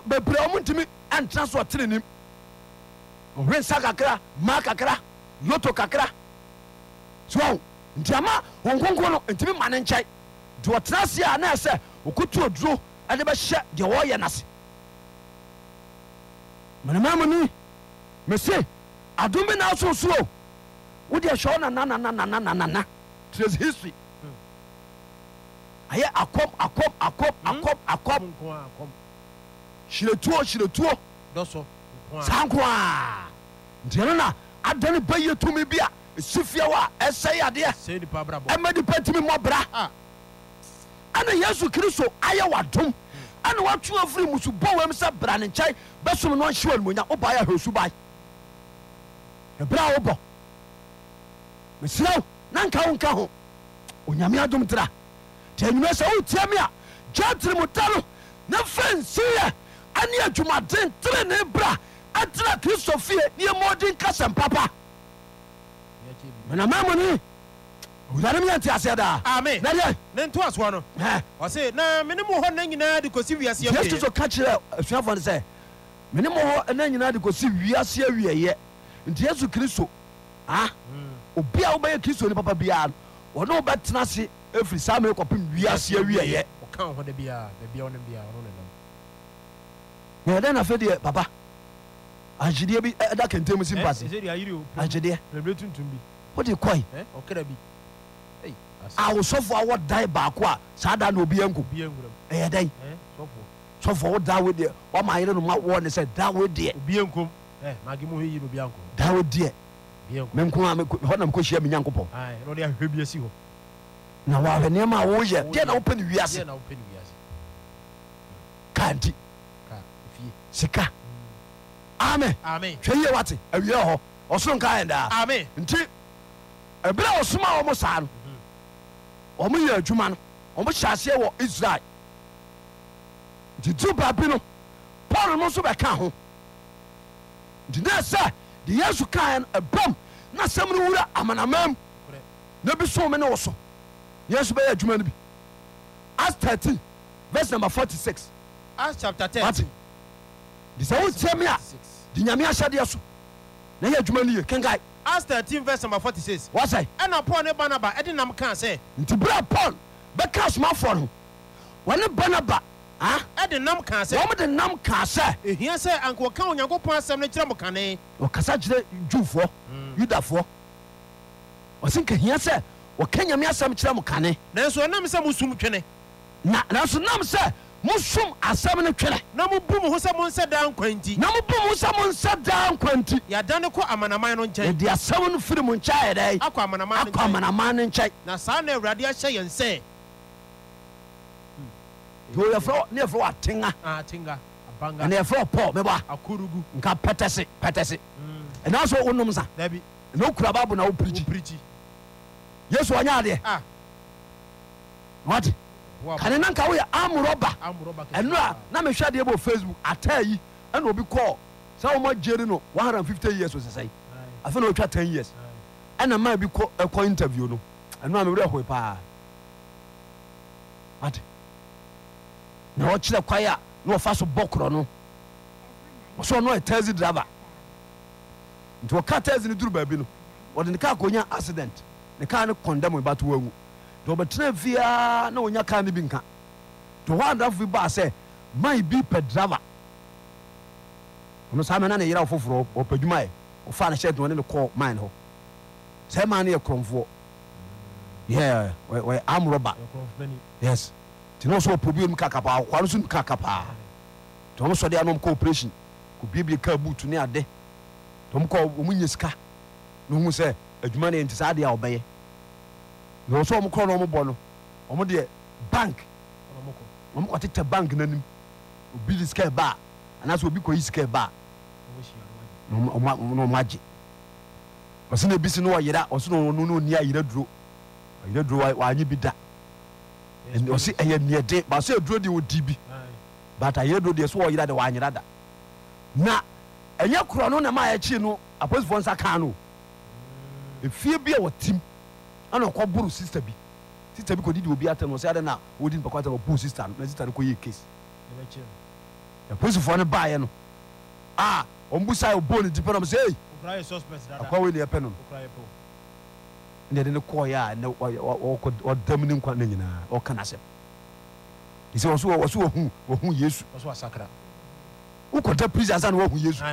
bebree ɔmo ntumi ɛntena so ɔtene nim ɔhwensa kakra maa kakra loto kakra so nti ama wɔnkonko no ntumi ma ne nkyɛe nti wɔtena ase a na ɛsɛ ɔkotu oduro ɛde bɛhyɛ deɛ wɔyɛ n'ase menema mu ni mese adom bi na aso so o wode hwɛ wo na. trace history hmm. ayɛ akɔm akɔm akɔm akɔm akɔm hyiretuo hyiretuo saa nko a nti ɛno na adane bɛyɛ tumi bi a ɛsi fie hɔ a ɛsɛe adeɛ ɛma nipa tumi mmɔbra ɛne yesu kristo ayɛ wadom ɛne woatwe afiri musubɔwa m sɛ bra ne nkyɛn bɛsom no ɔnhye wɔ animonyam woba yɛ ahwɛsu bae ɛberɛ a wobɔ mesrɛ wo na nka wo nka ho onyame adom tra nti anwumɛ sɛ wotia me a gya tiri mu da no na fa ane adwumaden terene bra atena kristo fie ne yɛmɔden ka sɛm papa menamamone owurade meyɛnte aseɛ daa ame na deɛ ne nto asoa no ɔse na mene mo hɔ na nyinaa de kɔsi wiaseɛ yesu so ka kyerɛ asuafoɔ no sɛ mene mo hɔ na nyinaa de kɔsi wiase wieyɛ nti yesu kristo a mm. obi a wobɛyɛ kristo ni papa biara no ɔne wobɛtena ase ɛfiri saa mekɔpem wiaseɛ wieyɛ ɔka ho da biara baabi a wonam biara na ɛdɛn na afei deɛ papa agyedeɛ bi ɛda kɛntɛn mu si mpase agyedeɛ wode kɔe awosɔfoɔ a wɔdae baako a saa da na obi anku ɛyɛ dɛn sɔfoɔ wo daa wedeɛ wama ayere no ma wɔ ne sɛ daa wedeɛ daa wedeɛ menko a hɔ nam kɔhyia me nyankopɔn na wahwɛ nneɛma a woyɛ deɛ na wopɛ ne wiase ka nti sika amen hwɛ yie wate awie hɔ ɔsoro nka yɛn daa nti ɛberɛ a ɔsoma wɔn saa no mhm. wɔn yɛ adwuma no wɔn hyɛ aseɛ wɔ israel nti tuba bi no paul no nso bɛka ho nti na ɛsɛ de yesu kaeɛ no ɛbam na sɛm no wura amanamam na bi so me ne wo so yesu bɛyɛ adwuma no bi acts 13 verse number 46 acts chapter 13 de sɛ wotie me a de nyame ahyɛdeɛ so na yɛ adwuma no ye kenkae Acts 13 verse number 46. wɔsɛ ɛna paul ne barnaba ɛde nam kaa sɛ nti berɛ a paul bɛka asomafoɔ no wɔne barnaba a ɛde nam kaa sɛ wɔmde nam kaa sɛ ehia sɛ anka wɔka onyankopɔn asɛm no kyerɛ mo kane wɔkasa kyerɛ jufoɔ hmm. yudafoɔ ɔse nkahia sɛ wɔka nyame asɛm kyerɛ mo kane nanso ɛnam sɛ mosum twene na nanso nam sɛ mosom asɛm no twerɛnmobumo s mo nsɛ daa nkwa nti amanad asɛm no firi mu nkyɛ aɛdɛakɔ amanama no nkɛ rɛyɛɛe yɛfro wɔ ategan yɛfrɛ pɔ mbɔ nka pɛtɛse pɛtɛse mm. ɛnaso wonom sa ɛn okura ba bona wo priyesu nyɛ kane na nka woyɛ amrɔba ɛno a na mehwɛ deɛ bɔ facebook ataa yi ɛna obi kɔɔ sɛ woma gyeri no 150 years o sɛsɛe afei na ɔtwa 10 years ɛna ma bi ɛkɔ interview no ɛno a mewerɛ hoe paa ate na ɔkyerɛ kwae a na ɔfa so bɔ korɔ no ɔsɛ ɔno ɛ tasi driver nti ɔka tasi no duru baabi no ɔde ne kaa kɔnya accident ne kaa ne kɔndɛm ɛbato wawu deɛ ɔbɛtena fiaa na ɔnya kar no bi nka nti hɔ adafo bi baa sɛ mae bi pɛ drama ɔno saa mena ne yerɛ foforɔ ɔpɛ dwumaɛ ɔfa no hyɛ dɔne ne kɔɔ mae no hɔ sɛ ma no yɛ korɔmfoɔ ɔyɛ amorɔ ba yes nti na ɔsɛ ɔpɛ bi nom kakapaa ɔkwa no so kakapaa nti ɔmo sɔde anom kɔ operation kɔbiebie ka boot ne ade nti ɔmo kɔ ɔmo nya sika na ɔhu sɛ adwuma no yɛ nti saa deɛ a ɔbɛyɛ na wɔsɛ ɔmo korɔ na ɔmo bɔ no ɔmo deɛ bank ɔmo kɔtetɛ bank n'anim obi de sika ba anaasɛ obi kɔyi sika ba na ɔmo agye ɔsi na ebi si na ɔyera ɔsi na ɔno na oni ayera duro ayera duro w'anyi bi da ɔsi ɛyɛ nneɛden baasi eduro de odi bi bata yera duro deɛ so ɔyera de w'anyera da na ɛnyɛ korɔ no na ma ayɛ kyi no apolisifoɔ nsa kan no mm. efie bi a wɔtim ɛna ɔkɔ boro sista bi sista bi kò didi obi atɛm ɔsɛ adana na wodi nipa kɔ atɛm ɔbu sista no na sista no kɔ yɛ case apolisifoɔ no baayɛ no a wɔn bu sa ɔbɔ ne tipɛ na ɔmo sɛ ee akɔwe ne ɛpɛ no ne yɛde ne kɔɔyɛ a ne ɔdɛm ne nkwa ne nyinaa ɔka n'asɛm ɛsɛ wɔso wɔso wɔhu wɔhu yesu wokɔda prison ansa na wɔhu yesu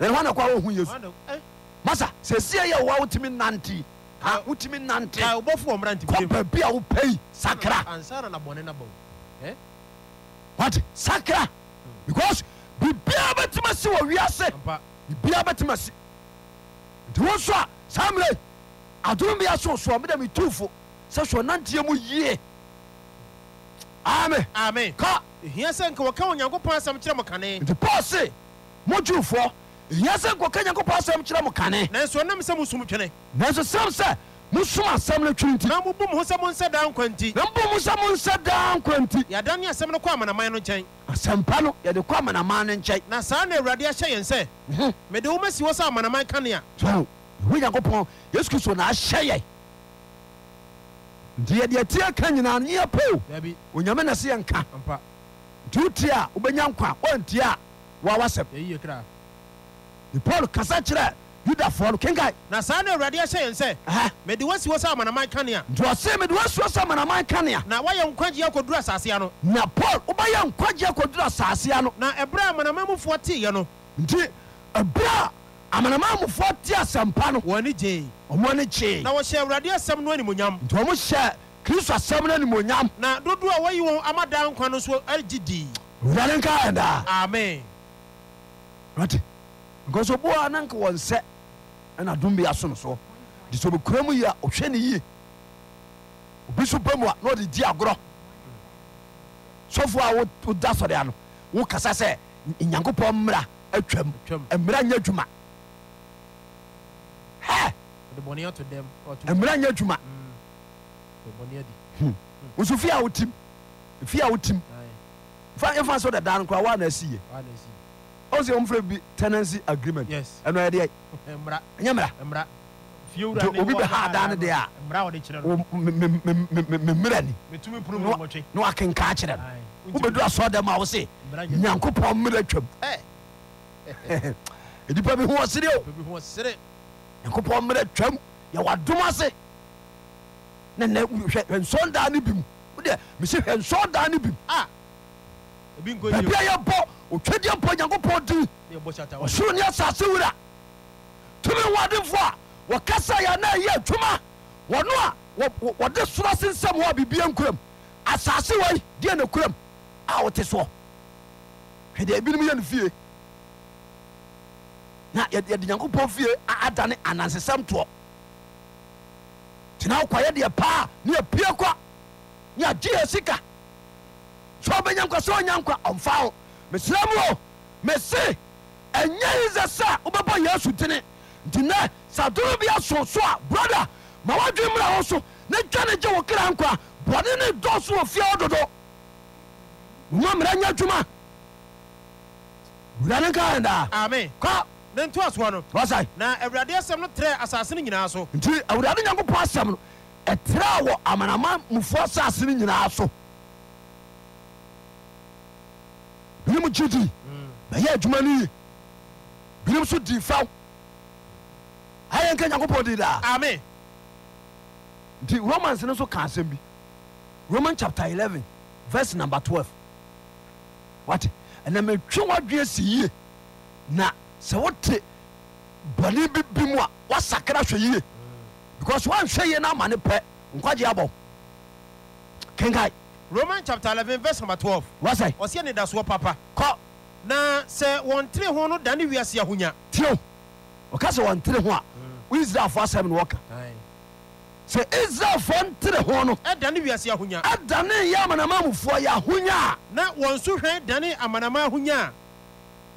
ɛn hɔ na kɔ a yesu eh? masa sɛ sie yɛ wɔa wotumi nante ka wotumi nante ka wobɔfo wɔ mmerante kɔ baabi a wopɛ sakra ansana na bɔne na bɔ eh? wate sakra mm. because biribiaa bɛtumi si wɔ wiase bibia bɛtumi si nti wo so a saa mmerɛ adom bia so soɔ meda metufo sɛ soɔ nanteɛ mu yie ame ame ka ɛhia sɛ nka wɔka onyankopɔn asɛm kyerɛ mo kane nti paul se mo jewfoɔ yɛsɛ nkɔka nyankopɔn asɛm kyerɛ mo kane nanso ɛnam sɛ musom nanso sɛm sɛ mosom asɛm no twiri nti sɛ mo nsa daa nkwa nti na mu sɛ mo nsa daa nkwa nti asɛm no kɔ amanaman no nkyɛn asɛmpa no yɛde kɔ amanaman no nkyɛn na saa na awurade ahyɛ yɛn sɛ mhm. mede wo masi hɔ sɛ amanaman kanea ɛho nyankopɔn yesu kristo na ahyɛ yɛn nti yɛde atie ka nyinaa no yɛ poo onyame na se yɛ nka nti wotie a wobɛnya nkwa wantie a woawasɛm paul kasa kyerɛ yudafoɔ no kenkae na saa na awurade ahyɛ yɛn sɛ mede wasi sɛ amanaman kanea nti ɔse mede wasi sɛ amanaman kanea na woayɛ nkwagye akɔduru asasea no na paul wobɛyɛ nkwagye akɔduru asasea no na ɛberɛ a amanaman mufoɔ teeɛ no nti ɛberɛ a amanaman mufoɔ te asɛmpa no wɔne gyee ɔmo ne kyee na wɔhyɛ awurade asɛm no animonyam nti ɔmohyɛ kristo asɛm no animonyam na dodoɔ a wɔyi wɔn amadaa nkwa no so agye dii awurade nka ɛdaa amen because oboa na nka wɔ nsɛ ɛna adom bi aso no soɔ nti sɛ obɛkura mu yi a ɔhwɛ ne yie obi so ba mu a na ɔde di agorɔ sɔfoɔ a woda sɔre a no wokasa sɛ nyankopɔn mmara atwam mmara nyɛ adwuma mmara nyɛ adwuma mm. nso hmm. fie a wotim fie a wotim ɛfa so dada no koraa woana asiyɛ ɔsɛ ɔm frɛ bi tenancy agreement Yes. ɛno ɛdeɛ ɛnyɛ mmara obi bɛha da no deɛ a memmera ni na wakenka kyerɛ no wobɛdu asɔ dɛ ma wo se nyankopɔn mmerɛ twam ɛnipa bi ho ɔsere o nyankopɔn mmerɛ twam yɛwadom ase na nsɔn daa no bi mu wodeɛ mese hwɛ nsɔn daa no bi mu bia yɛbɔ ɔtwadeɛ pɔ nyankopɔn dir ɔsore ne asase wura tumi wadefo a wɔkasa yɛnayɛ adwuma wɔno a wɔde soro sensɛm hɔ a bibia nkuram asase wɔi deɛna kuram a wo te soɔ hwɛdeɛ ibinom yɛne fie na yɛde nyankopɔn fie aadane anansesɛm toɔ tenawokwa yɛdeɛ paaa ne apie kɔ neagye ɛ sika sɛ ɔbɛnya nkwa sɛ ɔnya nkwa ɔmfa wo mesrɛ mu o mese ɛnyɛ yi sɛ sɛ wobɛbɔ yesu dene nti nɛ sɛ adoro bi aso so a brada ma woadwe mmra wo so ne twa ne gye wo kra nkwa bɔne ne dɔ so wɔ fie wo dodo ma mmara nya adwuma wura ne nkaɛ daa ame kɔ ne nto asoa no ɔsae na awurade asɛm no trɛ asase no nyinaa so nti awurade nyankopɔn asɛm no ɛtrɛ wɔ amanama mufoɔ asase no nyinaa so binom gye di bɛyɛ mm. adwuma no ye binom so di faw ayɛ nka nyankopɔn di daa amen nti romans no so ka asɛm bi roman chapter 11 verse number 12 wate ɛna matwe w'adwene si yie na sɛ wote bɔne bi bi mu a woasakra hwɛ yie mm. because woanhwɛ yie no ama ne pɛ nkwagye abɔ kenkae roman chapter 11 verse number twelve. wɔsɛ. ɔsi ɛni dasoɔ papa. Ko na sɛ won tre ho no wi wiase ahunya. tiw ɔka sɛ won tre ho a seven asɛm ni wɔka sɛ israelfoɔ ntere ho no e ɛdane wiase ahonya ɛdane e yɛ amanamamufoɔ yɛ ahonya a na won so hwe dane amanama ahonya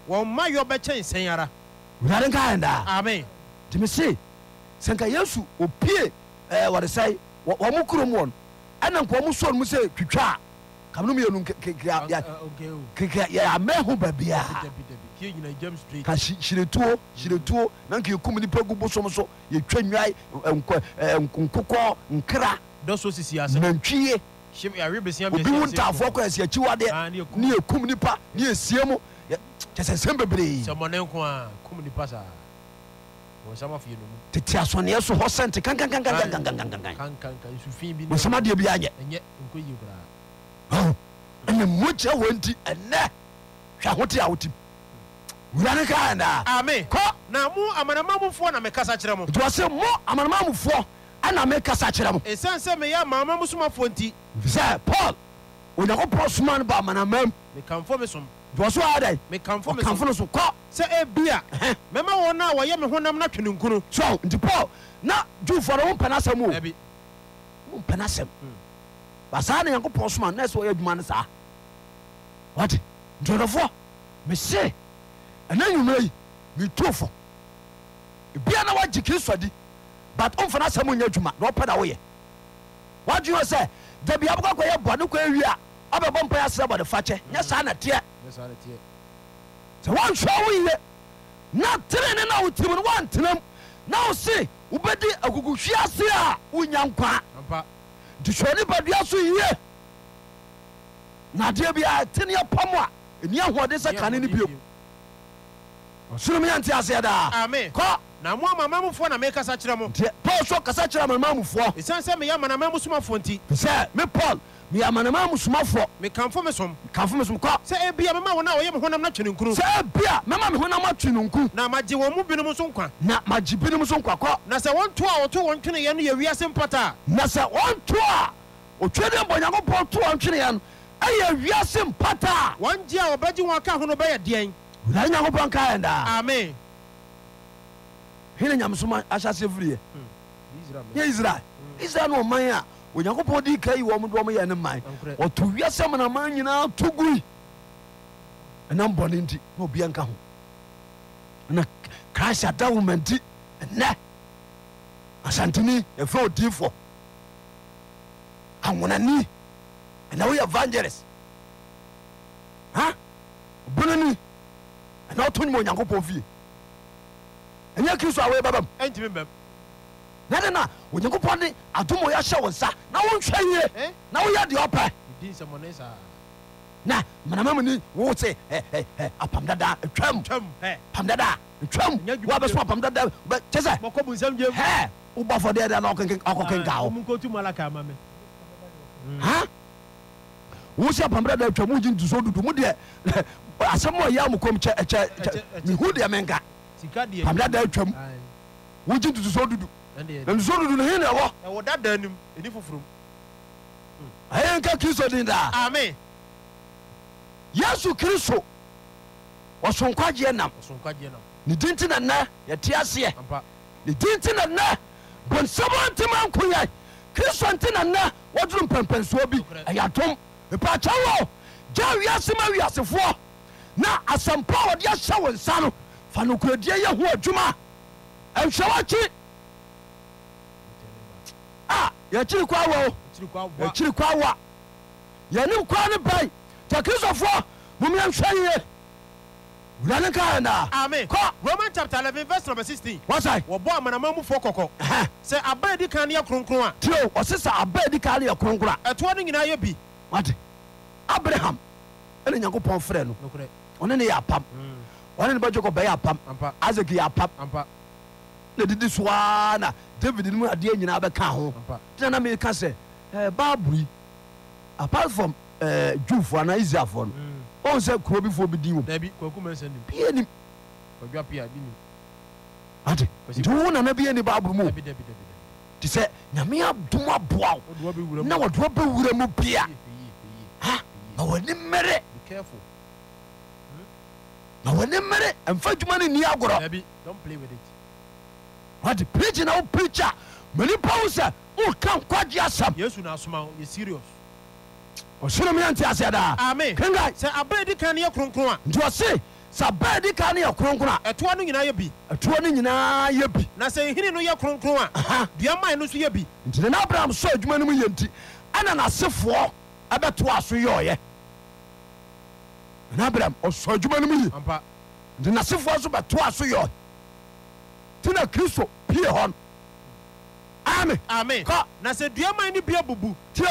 a ma yo be chen nsɛn ara wurade nka yɛn amen timi se sɛ yesu opie eh wɔde sɛe wɔ mo ɛna nkɔ mu sɔɔ mu sɛ twitwa a kamunu mu yɛ nu kekea yɛ amɛho baabia ka hyiretuo hyiretuo na nka yɛkum nipa gu bosom so yɛtwa nnwae eh, eh, nkokɔ nkra nantwie obi wo ntaafoɔ kɔ ɛsi akyiwadeɛ ah, ne yɛkum nipa ne yɛsie mu kyɛ sɛ sɛm bebree tete asɔneɛ so hɔ sɛnte kankansɛm adeɛ biayɛ ɛnɛ nti ɛnɛ hwɛ hote a wotim wurane ka ɛnaa kɔ na mo amanamamufoɔ na mekasa kyerɛ mo nti wɔ sɛ mo amanamamufoɔ ana mekasa kyerɛ mo ɛsiane sɛ meyɛ amanaman musomafoɔ nti sɛ paul onyankopɔn soma no ba amanamam mekamfo me som bɔso ada ɔkamfo no so kɔ sɛ ebia mɛma wɔn a wɔyɛ me honam na twene nkunu so nti paul na jewfoɔ no wompɛ no asɛm o wompɛ no asɛm basaa na nyankopɔn soma na ɛsɛ wɔyɛ adwuma no saa wate ntuɔdɔfoɔ mese ɛna nwumera yi metuo fo bia na woagye kristo di but ɔmfa no asɛm onyɛ adwuma na ɔpɛ da woyɛ woadwene sɛ da bia bokɔkɔyɛ bɔne kɔ awie a ɔbɛbɔ mpa yɛ asrɛ bɔde fakyɛ nyɛ saa na teɛ sɛ wansɛ wo yye na tere ne na wotim no wa ntenam na o se wobɛdi akukuhwi ase a wonya nkwa nti sɛ nipadua so ye na deɛ biaa ɛtene yɛpam a ɛnia hode sɛ kane ne bim sone meya nte aseɛ daapaul so kasakyerɛ amamamufoɔ sɛ me paul Mi amanama musomafoɔ mi me som kamfo me som kɔ sɛ ebia mema wɔn a wɔyɛ me honam no atwe ne nkunu sɛ ebia mɛma me honam atwe no nku na magye wɔn mu binom so nkwa na magye binom so nkwa kɔ na sɛ wɔnto a wɔto wɔn tweneeɛ no yɛ wiase mpata a na sɛ wɔnto a otwa de mbɔ nyankopɔn to wɔn tweneeɛ no ɛyɛ wiase mpata a wɔn gye a wɔbɛgye wɔn ka ho no bɛyɛ deɛn wura nyankopɔn ka yɛn daa amen hene nyamesoma ahyɛ aseɛ firiɛ hmm. yɛ israel hmm. israel no ɔman a onyankopɔn dii ka yi wɔ m de ɔm yɛ ne man ɔto wiasɛ manama nyinaa to gui ɛnam bɔne nti na obia nka ho na christ ada woma nti ɛnɛ asantini yɛfrɛ odiifoɔ awonani ɛnɛ woyɛ evangelist ha bonani ɛnɛ ɔto nyima onyankopɔn fie ɛnyɛ kristo a woyɛ babam na na onyankopɔn de adom a ɔyɛhyɛ wo nsa na wonhwɛ yie eh? na woyɛ deɛ ɔpɛ na manamamani wowo eh, eh, ah, se apam dada twam pam dada twam wabɛso apam dada kyɛ sɛ wobɔfɔ deɛ dɛ na ɔkɔkenka wo wosi apam dada twam wogye ntuso dudu mu deɛ asɛm a ɛyɛ mo kom kyɛ mehu deɛ menka pam dada twam wogye ntuso dudu wɔka hmm. kristo dnda yesu kristo wɔsonkwagyeɛ nam ne nntnn yɛteaseɛ ne int nanɛ bnsɛbntemankoɛ kristo nti nanɛ wɔdoro mpɛpɛnsoɔ bi ɛyɛ tom epɛakyɛ o gya wiase ma awiasefoɔ na asampa a wɔde ahyɛ wo nsa no fa nokoadiɛ yɛho adwumanhwɛ wky a ah, yɛkyiri kwa wɔ yɛkyiri kwa wa yɛnim kwa ne bai tɛ kristofoɔ momyɛ nhwɛ yie wurade ka yɛ naa ami kɔ roman chapter eleven verse number sixteen wɔsai wɔbɔ amanamanmufoɔ kɔkɔ sɛ aba edi kan ne yɛ kronkron a tio ɔsi sɛ aba edi kan ne yɛ kronkron a ɛtoɔ no nyinaa yɛ bi wate abraham ɛna nyankopɔn frɛ no ɔne ne yɛ apam mm. ɔne ne bɛgyekɔ bɛyɛ apam isaac yɛ apam na didi so aa na david no mu adeɛ nyinaa bɛka ho tena na meka sɛ eh, bible yi apart from eh, jewfoɔ anaa israelfoɔ no mm. ɔhu sɛ kuro bifoɔ bi din wɔpie nim ate nti wo nana bi ani bible mu nti sɛ nyame adom aboa wo na wɔde wobɛwura mu bia na wɔne mmere hmm? na wɔne mmere ɛmfa adwuma no nni agorɔ ɔde preakyi na wo preakya manipa o sɛ o nkwagye asɛm yesu na asoma o yɛ serious ɔsoro me yɛnte aseɛ daa ame kenga sɛ aberɛ di kan no yɛ kronkron a nti se. sɛ aberɛ di kan no yɛ kronkron a ɛtoa no nyinaa yɛ bi ɛtoa no nyinaa yɛ bi na sɛ nhini no yɛ kronkron a dua mae no nso yɛ bi nti ne na abraham sɔ adwuma no mu yɛ nti ɛna n'asefoɔ ɛbɛtoa so yɛɔyɛ na abraham ɔsɔ adwuma no mu yi nti n'asefoɔ nso bɛtoa so yɛɔyɛ tina kristo pie hɔ no ame kɔ na sɛ dua man no bia bubu tio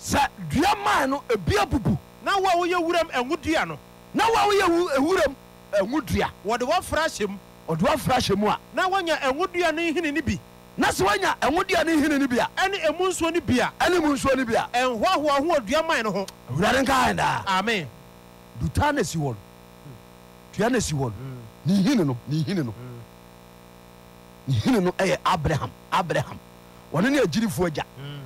sɛ dua man no ebia bubu na wo a woyɛ wuram ɛnwo dua no na wo a woyɛ wuram ɛnwo dua wɔde wɔfra ahyɛ mu wɔde wɔfra ahyɛ mu a na wɔnya ɛnwo dua no hene no bi na sɛ wanya ɛnwo dua no hene no bi a ɛne ɛmu nsuo no bi a ɛne mu nsuo no bi a ɛnhoahoa ho wɔ dua man no ho awurade nka hɛn daa amen duta na si hɔ no dua na si hɔ no hmm. ne no ne hene no hmm yini no ɛyɛ abraham abraham ɔno ne agyirifoɔ agya hmm.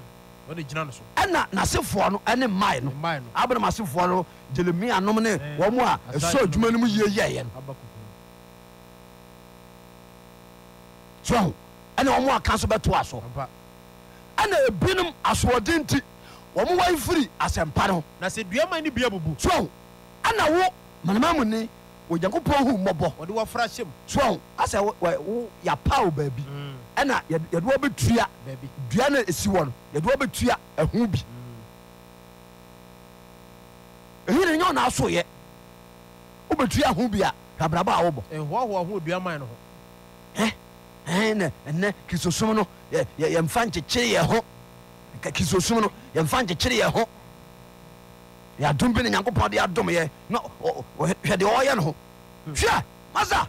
ɛna n'asefoɔ no ɛne mmae no abraham asefoɔ no jeremia nom ne eh. wɔn a ɛsɔ adwuma no mu yie yɛɛyɛ no so ɛna wɔn a ka so bɛtoa so ɛna ebinom asoɔden nti wɔn wɔn firi asɛmpa no so ɛna wo manamamu ni onyankopɔn hu mmɔbɔ ɔde wɔfra hyɛm so asɛ yɛpa wo baabi mm. ɛna yɛde wɔ bɛtua dua no ɛsi wɔ no yɛde wɔ bɛtua ɛho bi ɛhi mm. ne nyɛ ɔna asoyɛ wobɛtua ho bi a hwabraba a wobɔ ɛnɛ ɛnɛ kisosom no yɛmfa nkyekyere yɛ ho kisosom no yɛmfa nkyekyere yɛ ho yɛadom ni ne nyankopɔn de adomyɛ na hwɛ deɛ ɔyɛ no ho hwɛ masa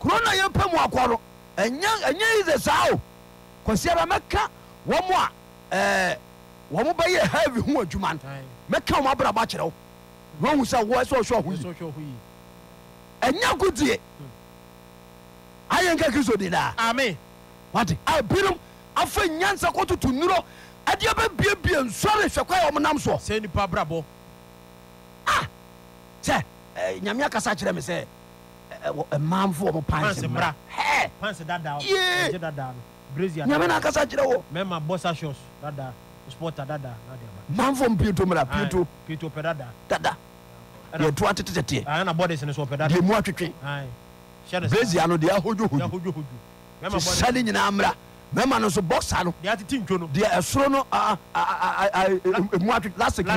kuro na yɛmpa mu akɔ no ɛnyɛ ise saa o kɔsiaba mɛka wɔm a wɔ mo bɛyɛ heavy ho adwuma no mɛka wɔm abrabɔ akyerɛ wo na ɔhu sɛ woɛ sɛ ɔhwɛ ɔho yi ɛnya ko die ayɛ nka kristo di daa ame wate abinom nyansa kɔtoto nnuro ɛdeɛ bɛbiebie nsɔre hwɛ kwa ɔmo nam soɔ sɛ nipa brabɔ Ah! sɛ eh, nyame akasa kyerɛ me sɛ mamfo ɔmo pansnyame no akasa kyerɛ wɔ mamfo mpieto mmra pieto dada yɛtoa teteteteɛdeɛ mu atwetwe brasia no deɛ ahodwohodwosane nyinaa mmra mɛma no nso bɔsa no deɛ ɛsoro no lasik e, e, e,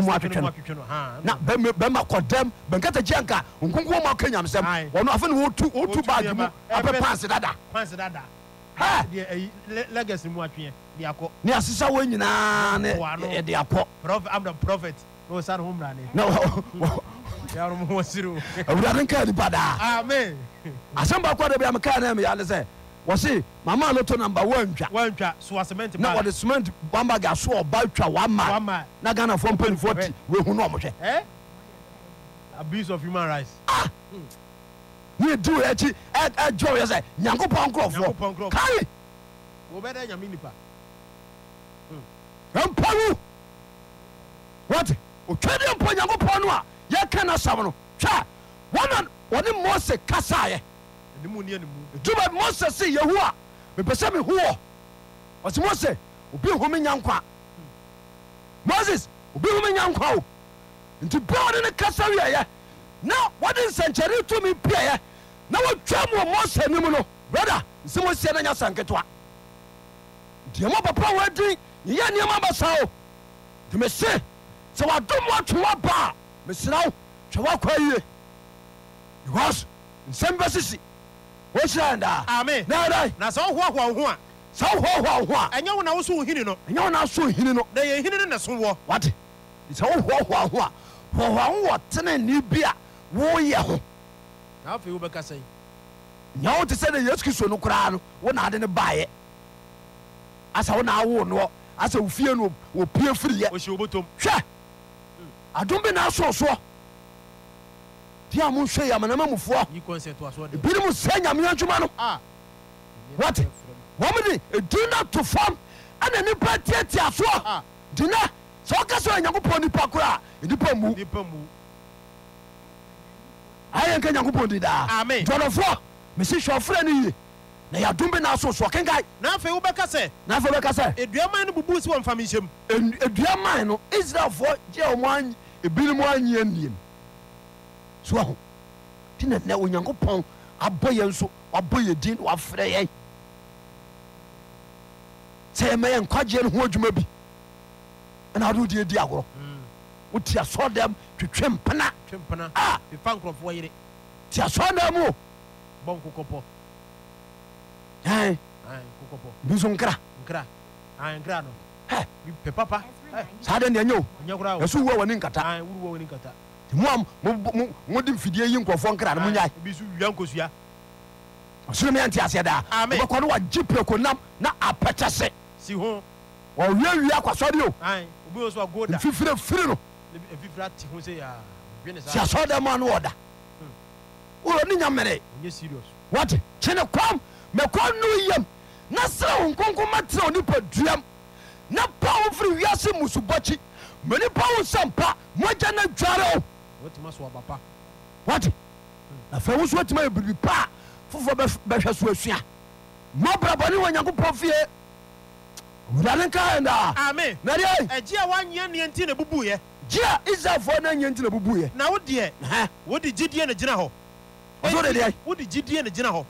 mu atwetwe no na bɛma kɔdɛm bɛnkata gye anka nkonko ma woka nyamsɛm ɔno afe ne wotu baage mu apɛ panse dada ne asesa wɔ nyinaa ne No. ɛde apɔ awurade nka nipa daa asɛm baakɔ da bia mekaɛ ne meyɛ mi sɛ wɔse mama no to number one twa na wɔde cement bambag aso ɔba twa wama na ghanafoɔ mpanimfoɔ ti wehu no ɔmohwɛ eh? abuse of human rights ah ne di e, wo akyi ɛdwo yɛ sɛ nyankopɔn nkurɔfoɔ kae wɔbɛdɛ nyame nipa hmm. mpawu wɔte otwadeɛ mpo nyankopɔn no a yɛka no asɛm no twɛ wɔne kasa kasaeɛ mose se yh mepɛsɛmehwms ob ome nyankssmnyannti n kasa wiɛnskɛmɛnwam mosenmyaaanɛnm stwem wɔhyira ndaa ame nada na sɛ wohoahoa wo ho a sɛ wohoahoa wo ho a ɛnyɛ wo na wo so wo hini no ɛnyɛ wo na so hini no na yɛ hini no ne so wɔ wate sɛ wohoahoa ho a hoahoa wo wɔ tenene bi a woyɛ ho na afei wobɛka sɛi nya wo te sɛ ne yesu kristo no koraa no wo naade no baeɛ asa wo na awo noɔ asa wo fie no wɔ pie firiyɛ hwɛ hmm. adom bi na asoɔ soɔ adeɛ a monhwɛ yɛ amanama mufoɔ ebinom sɛ nyameɛ adwuma no ah. wat wɔmde ɛdin no to fam ɛna nnipa tiatia soɔ nti ah. nɛ sɛ woka sɛ nipa kora nipa mu ayɛ nka nyankopɔn di daa dɔdɔfoɔ mesi hwɛ ɔfrɛ no na yɛadom bi naaso soɔ kenkae na afei wobɛka sɛ na afei wobɛka sɛ eduaman no bubu si wɔ mfamenhyɛm eduaman no israelfoɔ gye ɔmo ebinom anyia nniem so aho nti na nɛ onyankopɔn abɔ yɛn so wabɔ yɛ din wafrɛ yɛn sɛ yɛma yɛ nkwagyeɛ no ho adwuma bi ɛna wode wodi adi agorɔ hmm. wotia sɔ dɛm twetwe mpena tia sɔ dɛm o bi so nkra saa dɛ neɛnyɛ o ɛso wuwa wani nkata mode mfidie yi nkɔfoɔ nkra no monyae ɔsoromyɛnte aseɛ daa bɛkɔ no wagye prɛko nam na apɛkyɛ se ɔwie wie akɔsɔre o mfifire firi no ah, si asɔre dɛ ma no wɔda wɔ hmm. ne nya mmere wɔte kyene kwam mɛkɔ yam na serɛ wo nkonkoma tena wo duam na pa wo firi wiase musubɔkyi menipa wo nsɛmpa moagya no dware o wate afei wo so watumi ayɛ biribi pa a foforɔ bɛhwɛ so asua mɔbrabɔne wɔ nyankopɔn fie wurade nkaɛndaa nade ɛgyea woanyɛ neɛ nti na bubuyɛ gyea israelfoɔ no anyɛ nti na bubuyɛ na wodeɛ wode gyidie na gyina hɔ ɔsodedeɛ wode gyidie na gyina hɔ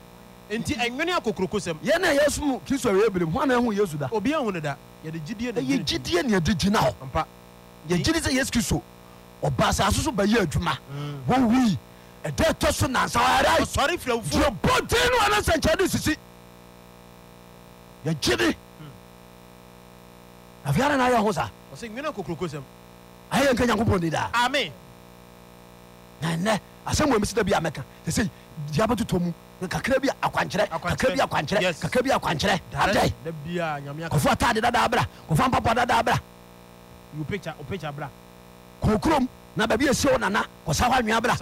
nti ɛnwene akokurokosɛm yɛne yɛ som kristo awɛyɛ birim ho ana ɛho yesu da obiaa hu no da yɛde gyidie na ɛyɛ gyidie ne yɛde gyina hɔ yɛgyidi sɛ yesu kristo ɔba sɛ aso so bɛyɛ adwuma wɔwui ɛdɛ ɛtɔ so nansa ɔyɛdɛdiɛbɔden no ana sɛnkyɛ de sisi yɛgyede afiara na ayɛ ho saa ayɛ nka nyankopɔn ni daa na ɛnɛ asɛm wɔ mesida bi a mɛka sɛsei diabɛtotɔ mu kakra bi akwankyerɛ kakra bi akwankyerɛ kakra bi akwankyerɛ adɛ kɔfo atade dadaa bra kɔfo mpapɔ dadaa bra kɔkurom na baabi ɛsie wo nana kɔsa hɔ anwea bra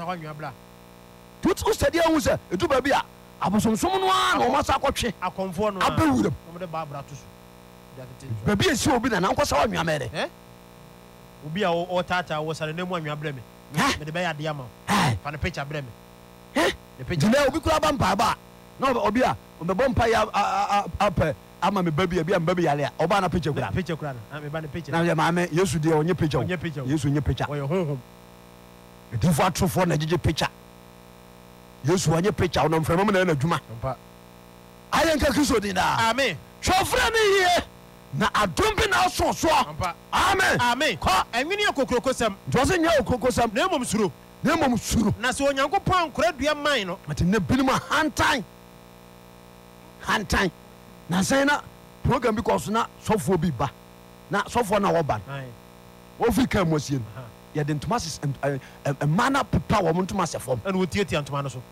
wosɛdeɛ hu sɛ ɛtu baabi a abosomsom no a na ɔma sa akɔtwe abɛwuram baabi ɛsie obi nana nkɔsa hɔ anwea mɛdɛ obi a ɔtaataa wɔ sare na mu anwea brɛ me mede bɛyɛ adeɛ ama fa ne picture brɛ me gyina obi koraa ba mpaeɛbɔ a na ɔbi a ɔbɛbɔ mpaeɛ apɛ ama meba bi ebi a meba bi yale a na picture kura picture kura na ah, meba ne picture na yɛ maame yesu deɛ ɔnye picture ɔnye picture yesu nye picture ɔyɛ hohom edinfo atorofo na gyegye picture yesu ɔnye picture ɔnam fɛn mu na yɛ n'adwuma ayɛ nka kristo din daa amen twɛfura ni yie na adum bi na so soɔ amen amen kɔ ɛnwini yɛ kokoroko sɛm ntɔsi nyɛ kokoroko na emom suro na emom suro na sɛ onyankopɔn nkora dua man no ati na binom ahantan hantan. nansɛn na program bi kɔ so na sɔfoɔ bi ba na sɔfoɔ na wɔba no wɔfiri ka mu asie no yɛde ntoma sis mmaa no pepa wɔm ntoma sɛ fam ɛna wɔtiatia ntoma no so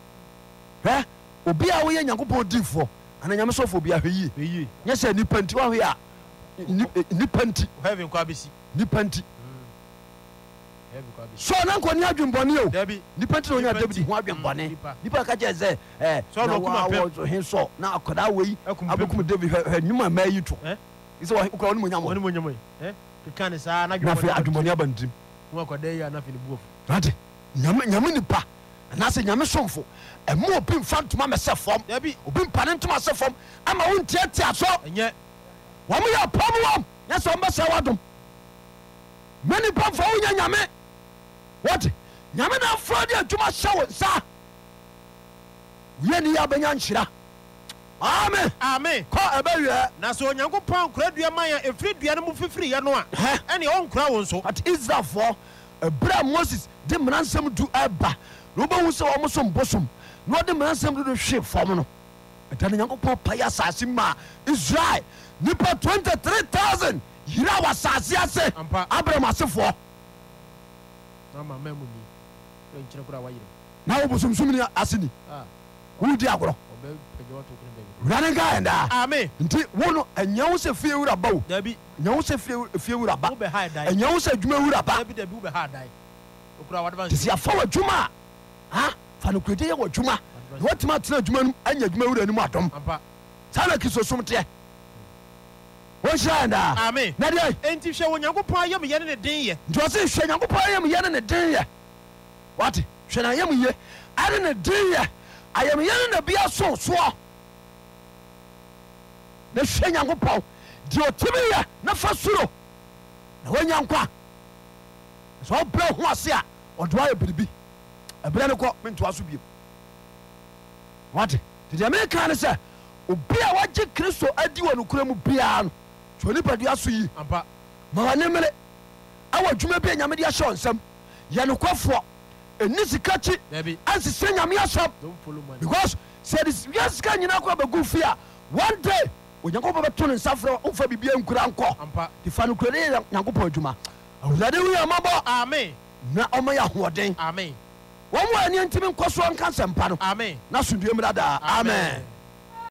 hɛ obi a woyɛ nyankopɔn difoɔ ana nyame sɔfoɔ bi ahwɛ yie nyɛ sɛ nipa nti wahwɛ a eh, nipa nti nipa nti so na nkɔ ni adwimbɔni o nipa ti na onye adabidi ho adwimbɔni nipa ka kyerɛ sɛ ɛɛ na wa awɔ hin sɔ na akɔda awɔ yi abokum david hɛ hɛ nyuma mɛ yi to sɛ wɔkura wɔn mu nyamɔ n'afɛ adwimbɔni aba ndim ade nyame nyame nipa anaasɛ nyame somfo ɛmu obi nfa ntoma mɛ sɛ fɔm obi npa ne ntoma sɛ fɔm ama wo ntiatia so wɔn yɛ pɔm wɔm nyɛ sɛ wɔn bɛ sɛ wadom mɛ nipa nfa wo nyɛ wote nyame na mforo de adwuma hyɛ wo nsa wieni yɛ bɛnya nhyira ame ame kɔ ɛbɛwiɛ na sɛ onyankopɔn nkora dua ma yɛ ɛfiri dua no mu fifiriyɛ no a ɛne ɔnkora wo nso ate israelfoɔ ɛberɛ a moses de mmara nsɛm du ɛba na wobɛhu sɛ wɔmo so mbosom na wɔde mmara nsɛm du no hwe fam no ɛda no nyankopɔn payɛ asase ma israel nipa 23000 yira wɔ asase ase abraham asefoɔ na wo bosomsomni aseni wodi agorɔ wurade nka daa nti wo ɛnyɛ wo sɛ fie wura ba o ɛnyɛ wo sɛ fie wura ba ɛnyɛ wo sɛ adwuma wura ba sɛ yɛfa wɔ adwuma a fa no yɛ wɔ adwuma na watumi atena adwuma no anya adwuma wura no mu saa na kristo som teɛ se wɛ nyankopɔn aymyɛne ne dnyɛ wt ɛyamye ɛne ne denyɛ aymyɛne nabia so soɔ n wɛ nyankopɔn deɛɔtemeyɛ ne fa suro nawnya nkw a s obrɛ hoase a ɔdewayɛ biribi brɛ nkɔ mentoa so bim wtdɛ meka ne sɛ obia wagye kristo adi wɔ nokoramu biaa hwɛ aso so yi mawane mmere ɛwɔ adwuma bi a nyame de ahyɛ nsɛm yɛnokɔfoɔ ɛni sika kyi ansisɛ nyame asɛm because sɛ wia sika nyina kɔ bɛgu fi a one day onyankopɔn bɛto ne nsa frɛ womfa biribia nkura nkɔ difa no kurade yɛ nyankopɔn adwuma awurade woyɛ mabɔ na ɔma yɛ ahoɔden wɔn mu a ɛneɛ ntimi nkɔ soɔ nka nsɛmpa no na somdue mmra daa amen, amen.